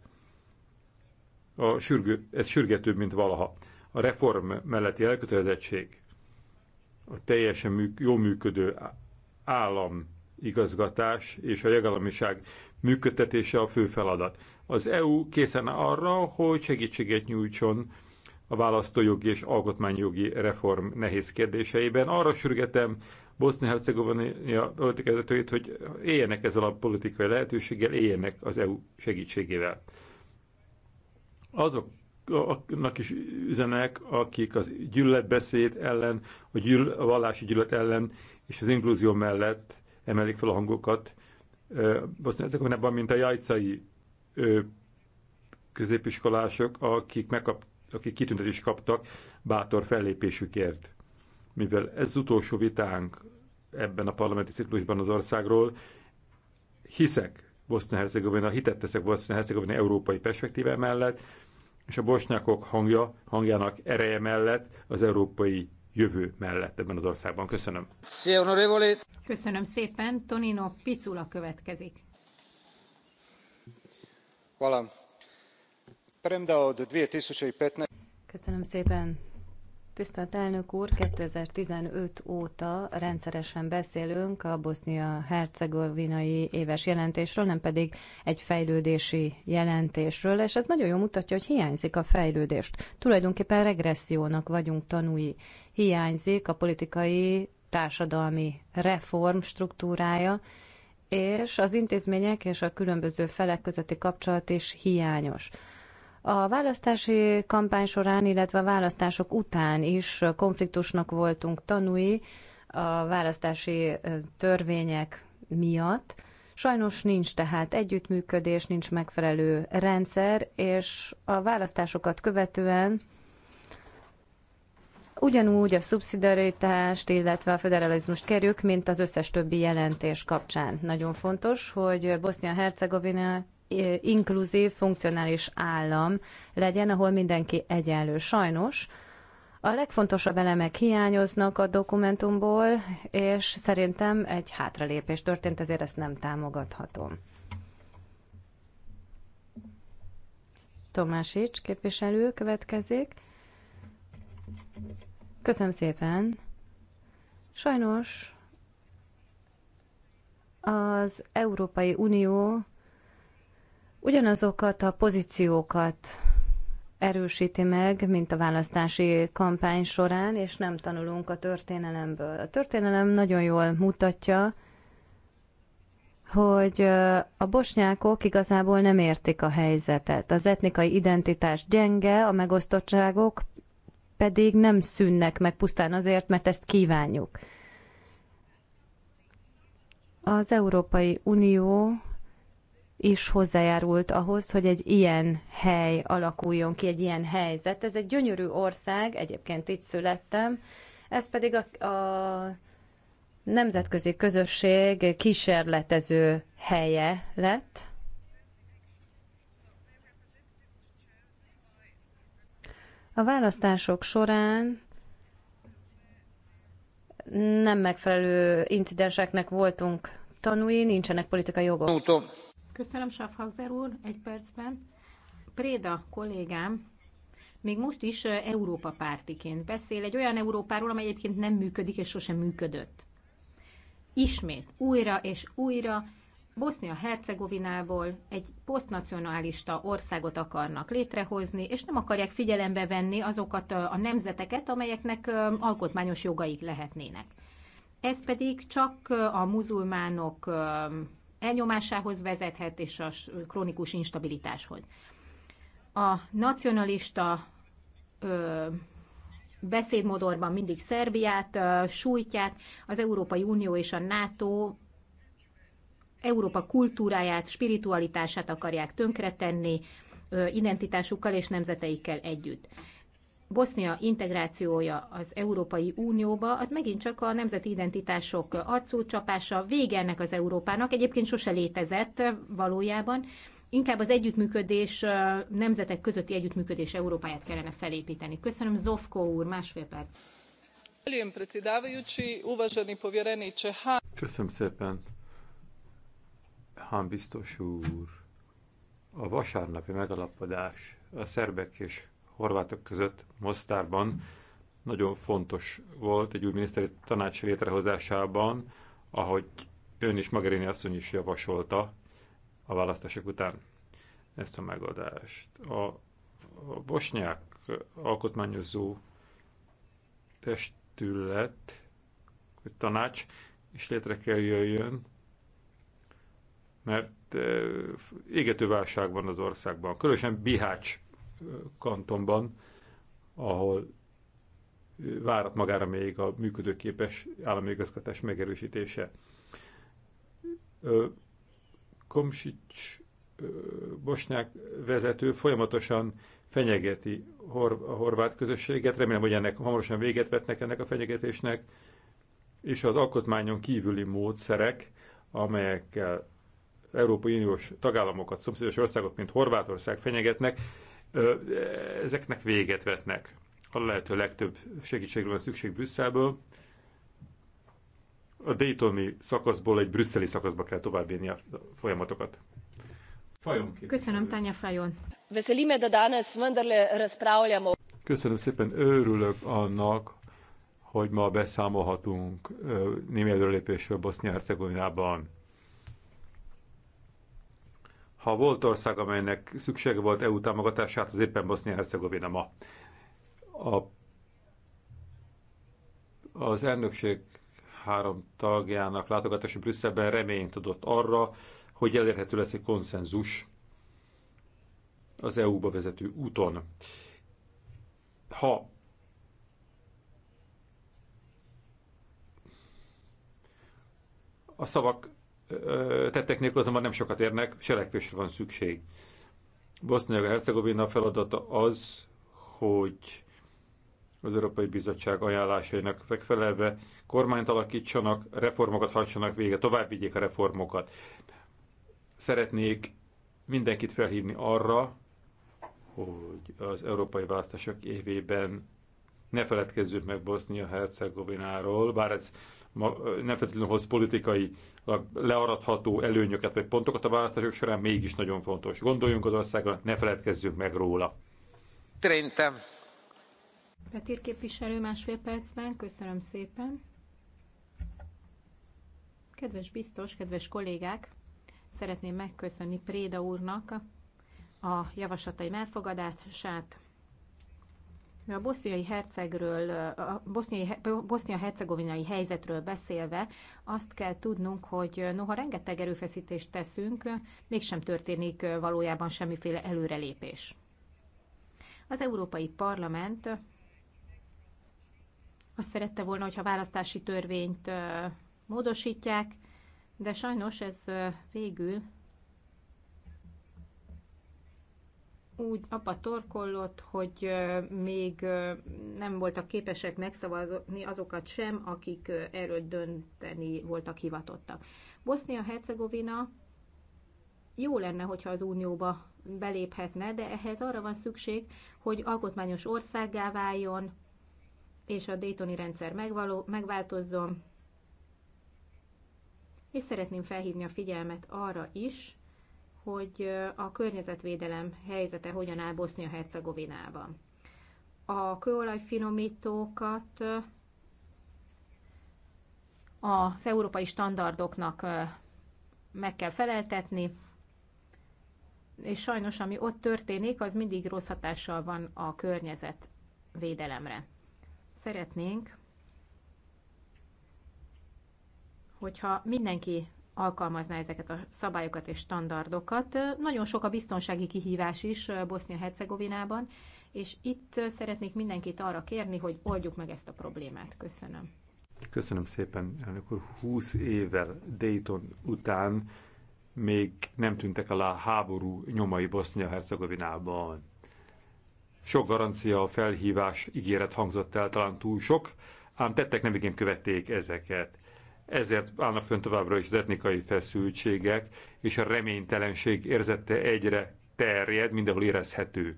A sürgő, ez sürgetőbb, mint valaha. A reform melletti elkötelezettség, a teljesen műk, jó működő állam igazgatás és a jogállamiság működtetése a fő feladat. Az EU készen arra, hogy segítséget nyújtson a választójogi és alkotmányjogi reform nehéz kérdéseiben. Arra sürgetem Bosznia-Hercegovina politikai vezetőit, hogy éljenek ezzel a politikai lehetőséggel, éljenek az EU segítségével. Azoknak is üzenek, akik az gyűlöletbeszéd ellen, a, gyűl, a vallási gyűlölet ellen és az inkluzió mellett emelik fel a hangokat, Bosznia-Hercegovinában, mint a jajcai középiskolások, akik, megkap, akik kitüntetést kaptak bátor fellépésükért mivel ez utolsó vitánk ebben a parlamenti ciklusban az országról, hiszek Bosznia-Hercegovina, hitet teszek Bosznia-Hercegovina európai perspektíve mellett, és a bosnyákok hangja, hangjának ereje mellett az európai jövő mellett ebben az országban. Köszönöm. Köszönöm szépen. Tonino Picula következik. Köszönöm szépen. Tisztelt elnök úr, 2015 óta rendszeresen beszélünk a bosznia-hercegovinai éves jelentésről, nem pedig egy fejlődési jelentésről, és ez nagyon jól mutatja, hogy hiányzik a fejlődést. Tulajdonképpen regressziónak vagyunk tanúi. Hiányzik a politikai, társadalmi reform struktúrája, és az intézmények és a különböző felek közötti kapcsolat is hiányos. A választási kampány során, illetve a választások után is konfliktusnak voltunk tanúi a választási törvények miatt. Sajnos nincs tehát együttműködés, nincs megfelelő rendszer, és a választásokat követően ugyanúgy a szubszidaritást, illetve a federalizmust kerjük, mint az összes többi jelentés kapcsán. Nagyon fontos, hogy Bosznia-Hercegovina inkluzív, funkcionális állam legyen, ahol mindenki egyenlő. Sajnos a legfontosabb elemek hiányoznak a dokumentumból, és szerintem egy hátralépés történt, ezért ezt nem támogathatom. Tomásics képviselő következik. Köszönöm szépen. Sajnos az Európai Unió ugyanazokat a pozíciókat erősíti meg, mint a választási kampány során, és nem tanulunk a történelemből. A történelem nagyon jól mutatja, hogy a bosnyákok igazából nem értik a helyzetet. Az etnikai identitás gyenge, a megosztottságok pedig nem szűnnek meg pusztán azért, mert ezt kívánjuk. Az Európai Unió is hozzájárult ahhoz, hogy egy ilyen hely alakuljon ki, egy ilyen helyzet. Ez egy gyönyörű ország, egyébként itt születtem, ez pedig a, a nemzetközi közösség kísérletező helye lett. A választások során nem megfelelő incidenseknek voltunk tanúi, nincsenek politikai jogok. Köszönöm, Schaffhauser úr, egy percben. Préda kollégám még most is Európa pártiként beszél egy olyan Európáról, amely egyébként nem működik és sosem működött. Ismét, újra és újra Bosznia-Hercegovinából egy posztnacionalista országot akarnak létrehozni, és nem akarják figyelembe venni azokat a nemzeteket, amelyeknek alkotmányos jogaik lehetnének. Ez pedig csak a muzulmánok elnyomásához vezethet, és a krónikus instabilitáshoz. A nacionalista ö, beszédmodorban mindig Szerbiát ö, sújtják, az Európai Unió és a NATO Európa kultúráját, spiritualitását akarják tönkretenni, identitásukkal és nemzeteikkel együtt. Bosznia integrációja az Európai Unióba, az megint csak a nemzeti identitások csapása, vége ennek az Európának, egyébként sose létezett valójában, inkább az együttműködés, nemzetek közötti együttműködés Európáját kellene felépíteni. Köszönöm, Zofko úr, másfél perc. Köszönöm szépen, Hán biztos úr. A vasárnapi megalapodás a szerbek és horvátok között Mostárban nagyon fontos volt egy új miniszteri tanács létrehozásában, ahogy ön is, Magarini asszony is javasolta a választások után ezt a megoldást. A, a bosnyák alkotmányozó testület, vagy tanács is létre kell jöjjön, mert eh, égető válság van az országban, különösen Bihács kantonban, ahol várat magára még a működőképes állami igazgatás megerősítése. Komsics bosnyák vezető folyamatosan fenyegeti a horvát közösséget. Remélem, hogy ennek hamarosan véget vetnek ennek a fenyegetésnek, és az alkotmányon kívüli módszerek, amelyekkel Európai Uniós tagállamokat, szomszédos országok, mint Horvátország fenyegetnek, ezeknek véget vetnek. A lehető legtöbb segítségre van szükség Brüsszelből. A Daytoni szakaszból egy brüsszeli szakaszba kell továbbvinni a folyamatokat. Fajon Köszönöm, Tanya Fajon. Veselime, da danes vendarle razpravljamo. Köszönöm szépen, örülök annak, hogy ma beszámolhatunk némi előrelépésről Bosznia-Hercegovinában ha volt ország, amelynek szüksége volt EU támogatását, az éppen Bosznia-Hercegovina ma. A, az elnökség három tagjának látogatása Brüsszelben reményt adott arra, hogy elérhető lesz egy konszenzus az EU-ba vezető úton. Ha a szavak tettek nélkül azonban nem sokat érnek, selekvésre van szükség. Bosznia-Hercegovina feladata az, hogy az Európai Bizottság ajánlásainak megfelelve kormányt alakítsanak, reformokat hajtsanak végre, tovább vigyék a reformokat. Szeretnék mindenkit felhívni arra, hogy az európai választások évében ne feledkezzünk meg Bosznia-Hercegovináról, bár ez nem feltétlenül hoz politikai learadható előnyöket vagy pontokat a választások során, mégis nagyon fontos. Gondoljunk az országra, ne feledkezzünk meg róla. Trenta. Petir képviselő másfél percben, köszönöm szépen. Kedves biztos, kedves kollégák, szeretném megköszönni Préda úrnak a javaslataim elfogadását, a boszniai hercegről, a boszniai, bosznia-hercegovinai helyzetről beszélve azt kell tudnunk, hogy noha rengeteg erőfeszítést teszünk, mégsem történik valójában semmiféle előrelépés. Az Európai Parlament azt szerette volna, hogyha választási törvényt módosítják, de sajnos ez végül úgy apa torkollott, hogy még nem voltak képesek megszavazni azokat sem, akik erről dönteni voltak hivatottak. Bosznia-Hercegovina jó lenne, hogyha az Unióba beléphetne, de ehhez arra van szükség, hogy alkotmányos országgá váljon, és a Daytoni rendszer megvaló, megváltozzon. És szeretném felhívni a figyelmet arra is, hogy a környezetvédelem helyzete hogyan áll Bosznia-Hercegovinában. A kőolajfinomítókat az európai standardoknak meg kell feleltetni, és sajnos ami ott történik, az mindig rossz hatással van a környezetvédelemre. Szeretnénk, hogyha mindenki alkalmazná ezeket a szabályokat és standardokat. Nagyon sok a biztonsági kihívás is Bosznia-Hercegovinában, és itt szeretnék mindenkit arra kérni, hogy oldjuk meg ezt a problémát. Köszönöm. Köszönöm szépen, elnök úr. 20 évvel Dayton után még nem tűntek el a háború nyomai Bosznia-Hercegovinában. Sok garancia, felhívás, ígéret hangzott el, talán túl sok, ám tettek nem igen követték ezeket ezért állnak fönn továbbra is az etnikai feszültségek, és a reménytelenség érzette egyre terjed, mindenhol érezhető.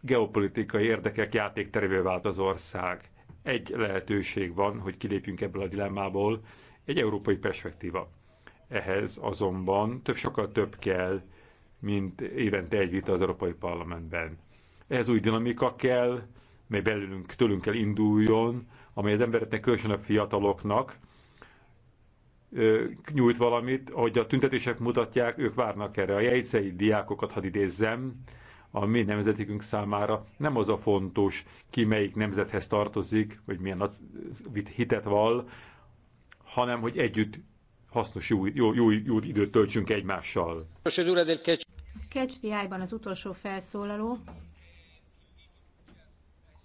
Geopolitikai érdekek játékterévé vált az ország. Egy lehetőség van, hogy kilépjünk ebből a dilemmából, egy európai perspektíva. Ehhez azonban több sokkal több kell, mint évente egy vita az Európai Parlamentben. Ehhez új dinamika kell, mely belülünk, tőlünk kell induljon, amely az embereknek, különösen a fiataloknak nyújt valamit, ahogy a tüntetések mutatják, ők várnak erre. A jegyzei diákokat, hadd idézzem, a mi nemzetikünk számára nem az a fontos, ki melyik nemzethez tartozik, vagy milyen hitet vall, hanem hogy együtt hasznos, jó, jó, jó, jó időt töltsünk egymással. Catch the Eye-ban az utolsó felszólaló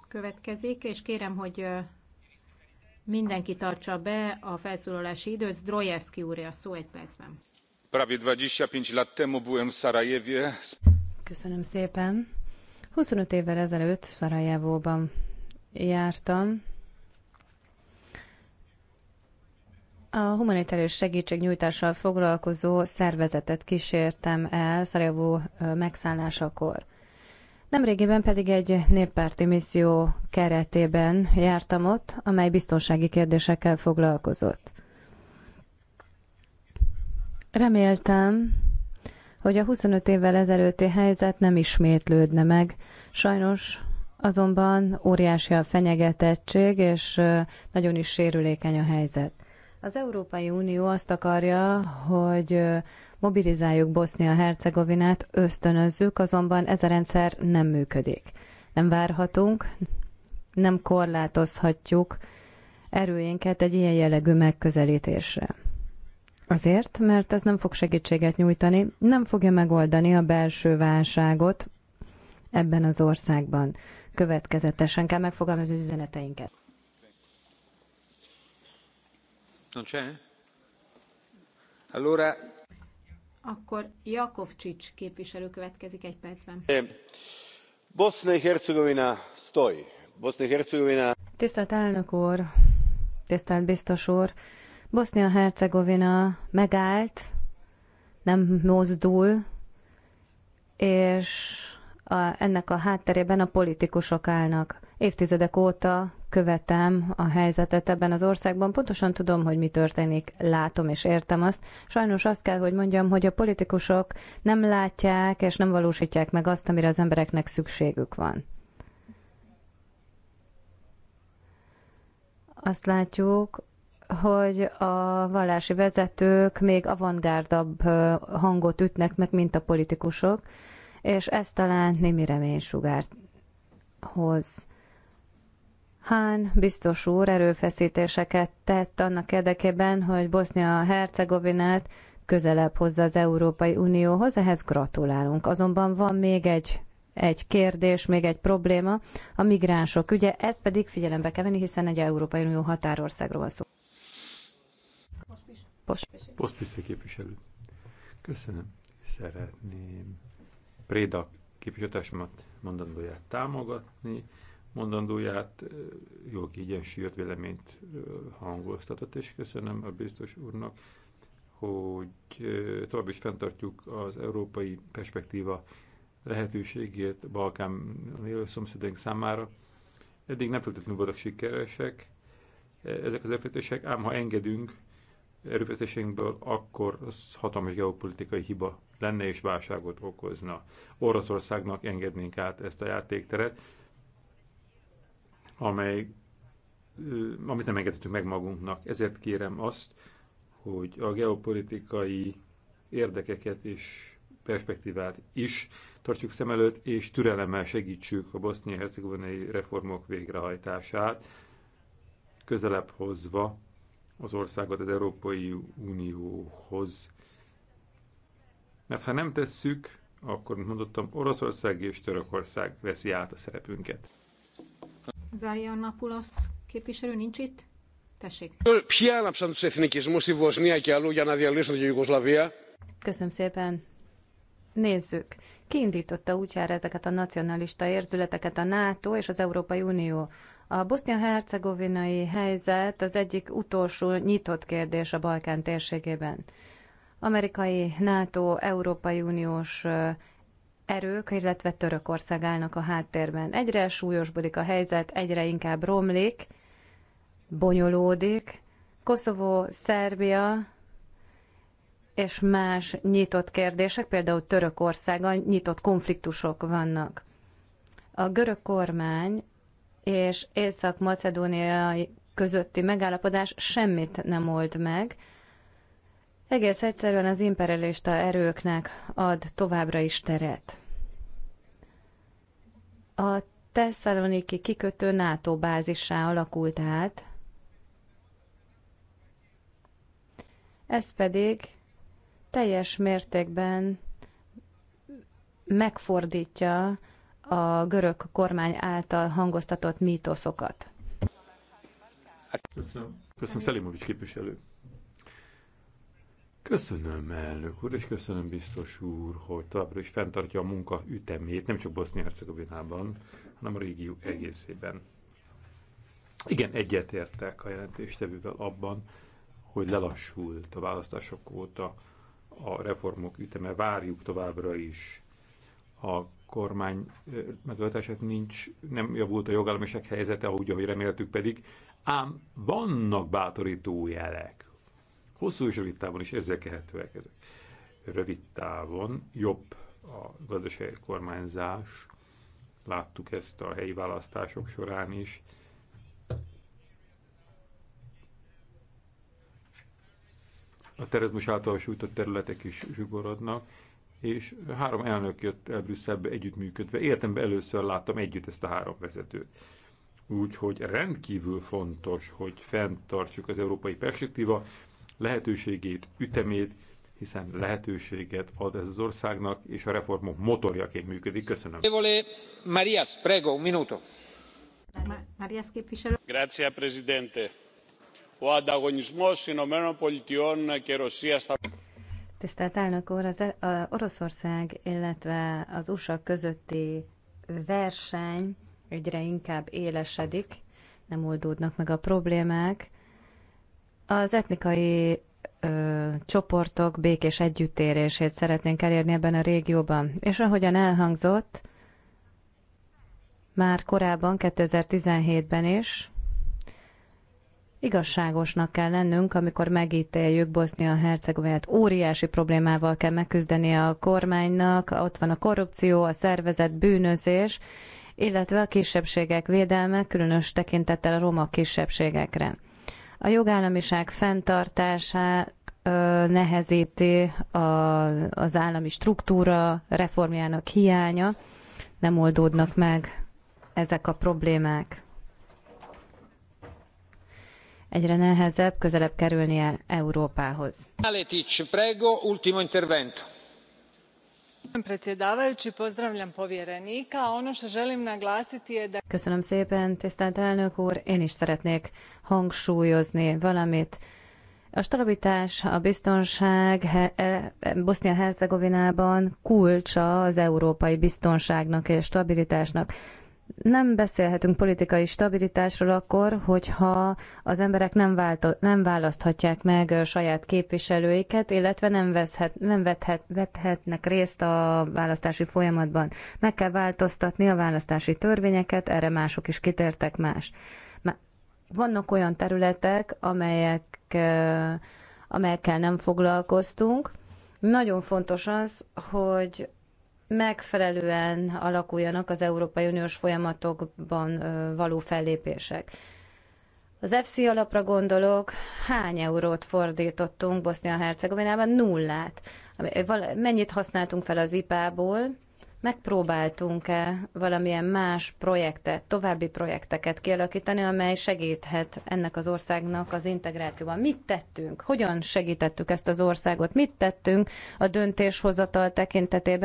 következik, és kérem, hogy mindenki tartsa be a felszólalási időt. Zdrojewski úrja, szó egy percben. Prawie 25 lat temu byłem w Szarajevie. Köszönöm szépen. 25 évvel ezelőtt Szarajevóban jártam. A humanitárius segítségnyújtással foglalkozó szervezetet kísértem el Szarajevó megszállásakor. Nemrégiben pedig egy néppárti misszió keretében jártam ott, amely biztonsági kérdésekkel foglalkozott. Reméltem, hogy a 25 évvel ezelőtti helyzet nem ismétlődne meg. Sajnos azonban óriási a fenyegetettség, és nagyon is sérülékeny a helyzet. Az Európai Unió azt akarja, hogy Mobilizáljuk Bosznia-Hercegovinát, ösztönözzük, azonban ez a rendszer nem működik. Nem várhatunk, nem korlátozhatjuk erőinket egy ilyen jellegű megközelítésre. Azért, mert ez nem fog segítséget nyújtani, nem fogja megoldani a belső válságot ebben az országban. Következetesen kell megfogalmazni az üzeneteinket. Non c'è? Allora akkor Jakovcsics képviselő következik egy percben. Eh, Bosznia Hercegovina stoj. Bosznia Hercegovina. Tisztelt elnök úr, tisztelt biztos úr, Bosznia-Hercegovina megállt, nem mozdul, és a, ennek a hátterében a politikusok állnak évtizedek óta követem a helyzetet ebben az országban, pontosan tudom, hogy mi történik, látom és értem azt. Sajnos azt kell, hogy mondjam, hogy a politikusok nem látják és nem valósítják meg azt, amire az embereknek szükségük van. Azt látjuk, hogy a vallási vezetők még avantgárdabb hangot ütnek meg, mint a politikusok, és ez talán némi reménysugárt hoz. Hán biztos úr erőfeszítéseket tett annak érdekében, hogy Bosznia-Hercegovinát közelebb hozza az Európai Unióhoz, ehhez gratulálunk. Azonban van még egy, egy kérdés, még egy probléma, a migránsok. Ugye ez pedig figyelembe kell venni, hiszen egy Európai Unió határországról van szó. képviselő. Köszönöm. Szeretném Préda képviselőtársamat mondandóját támogatni mondandóját, jó kiegyensúlyozott véleményt hangoztatott, és köszönöm a biztos úrnak, hogy tovább is fenntartjuk az európai perspektíva lehetőségét Balkán élő szomszédénk számára. Eddig nem feltétlenül voltak sikeresek e, ezek az erőfeszítések, ám ha engedünk erőfeszítésünkből, akkor az hatalmas geopolitikai hiba lenne és válságot okozna. Oroszországnak engednénk át ezt a játékteret, amely, amit nem engedhetünk meg magunknak. Ezért kérem azt, hogy a geopolitikai érdekeket és perspektívát is tartsuk szem előtt, és türelemmel segítsük a bosznia-hercegovinai reformok végrehajtását, közelebb hozva az országot az Európai Unióhoz. Mert ha nem tesszük, akkor, mint mondottam, Oroszország és Törökország veszi át a szerepünket. Zarianapulos képviselő nincs itt. Tessék. Ποια άναψαν τους εθνικισμούς στη Βοσνία και αλλού για να διαλύσουν τη Ιουγκοσλαβία. Köszönöm szépen. Nézzük. Ki indította útjára ezeket a nacionalista érzületeket a NATO és az Európai Unió? A bosznia-hercegovinai helyzet az egyik utolsó nyitott kérdés a Balkán térségében. Amerikai, NATO, Európai Uniós erők, illetve Törökország állnak a háttérben. Egyre súlyosbodik a helyzet, egyre inkább romlik, bonyolódik. Koszovó, Szerbia és más nyitott kérdések, például Törökországon nyitott konfliktusok vannak. A görög kormány és észak macedóniai közötti megállapodás semmit nem old meg, egész egyszerűen az imperialista erőknek ad továbbra is teret. A Tesszaloniki kikötő NATO bázissá alakult át, ez pedig teljes mértékben megfordítja a görög kormány által hangoztatott mítoszokat. Köszönöm. Köszönöm, Szelimovics képviselő. Köszönöm, elnök úr, és köszönöm biztos úr, hogy továbbra is fenntartja a munka ütemét, nem csak Bosznia-Hercegovinában, hanem a régió egészében. Igen, egyetértek a jelentéstevővel abban, hogy lelassult a választások óta a reformok üteme, várjuk továbbra is a kormány megoldását nincs, nem javult a jogállamiság helyzete, ahogy, ahogy reméltük pedig, ám vannak bátorító jelek, Hosszú és rövid távon is érzékelhetőek ezek. Rövid távon jobb a gazdasági kormányzás, láttuk ezt a helyi választások során is, a terezmus által sújtott területek is zsugorodnak, és három elnök jött el Brüsszelbe együttműködve. Életemben először láttam együtt ezt a három vezetőt. Úgyhogy rendkívül fontos, hogy fenntartsuk az európai perspektíva lehetőségét, ütemét, hiszen lehetőséget ad ez az országnak, és a reformok motorjaként működik. Köszönöm. Marias, prego, un minuto. Marias képviselő. Grazie, presidente. o ανταγωνισμός Ηνωμένων politión και Ρωσίας θα... Tisztelt elnök úr, az e- Oroszország, illetve az USA közötti verseny egyre inkább élesedik, nem oldódnak meg a problémák, az etnikai ö, csoportok békés együttérését szeretnénk elérni ebben a régióban. És ahogyan elhangzott, már korábban, 2017-ben is, igazságosnak kell lennünk, amikor megítéljük Bosznia-Hercegovinát. Óriási problémával kell megküzdeni a kormánynak, ott van a korrupció, a szervezet bűnözés, illetve a kisebbségek védelme, különös tekintettel a roma kisebbségekre. A jogállamiság fenntartását nehezíti az állami struktúra reformjának hiánya, nem oldódnak meg ezek a problémák. Egyre nehezebb, közelebb kerülnie Európához. Aletic, prego, ultimo intervento. Köszönöm szépen, tisztelt elnök úr! Én is szeretnék hangsúlyozni valamit. A stabilitás, a biztonság e, e, Bosznia-Hercegovinában kulcsa az európai biztonságnak és stabilitásnak nem beszélhetünk politikai stabilitásról akkor, hogyha az emberek nem, válto- nem választhatják meg saját képviselőiket, illetve nem, veszhet, nem vethet, vethetnek részt a választási folyamatban. Meg kell változtatni a választási törvényeket, erre mások is kitértek más. Vannak olyan területek, amelyek, amelyekkel nem foglalkoztunk. Nagyon fontos az, hogy megfelelően alakuljanak az Európai Uniós folyamatokban való fellépések. Az FC alapra gondolok, hány eurót fordítottunk Bosznia-Hercegovinában? Nullát. Mennyit használtunk fel az IPA-ból? Megpróbáltunk-e valamilyen más projektet, további projekteket kialakítani, amely segíthet ennek az országnak az integrációban? Mit tettünk? Hogyan segítettük ezt az országot? Mit tettünk a döntéshozatal tekintetében?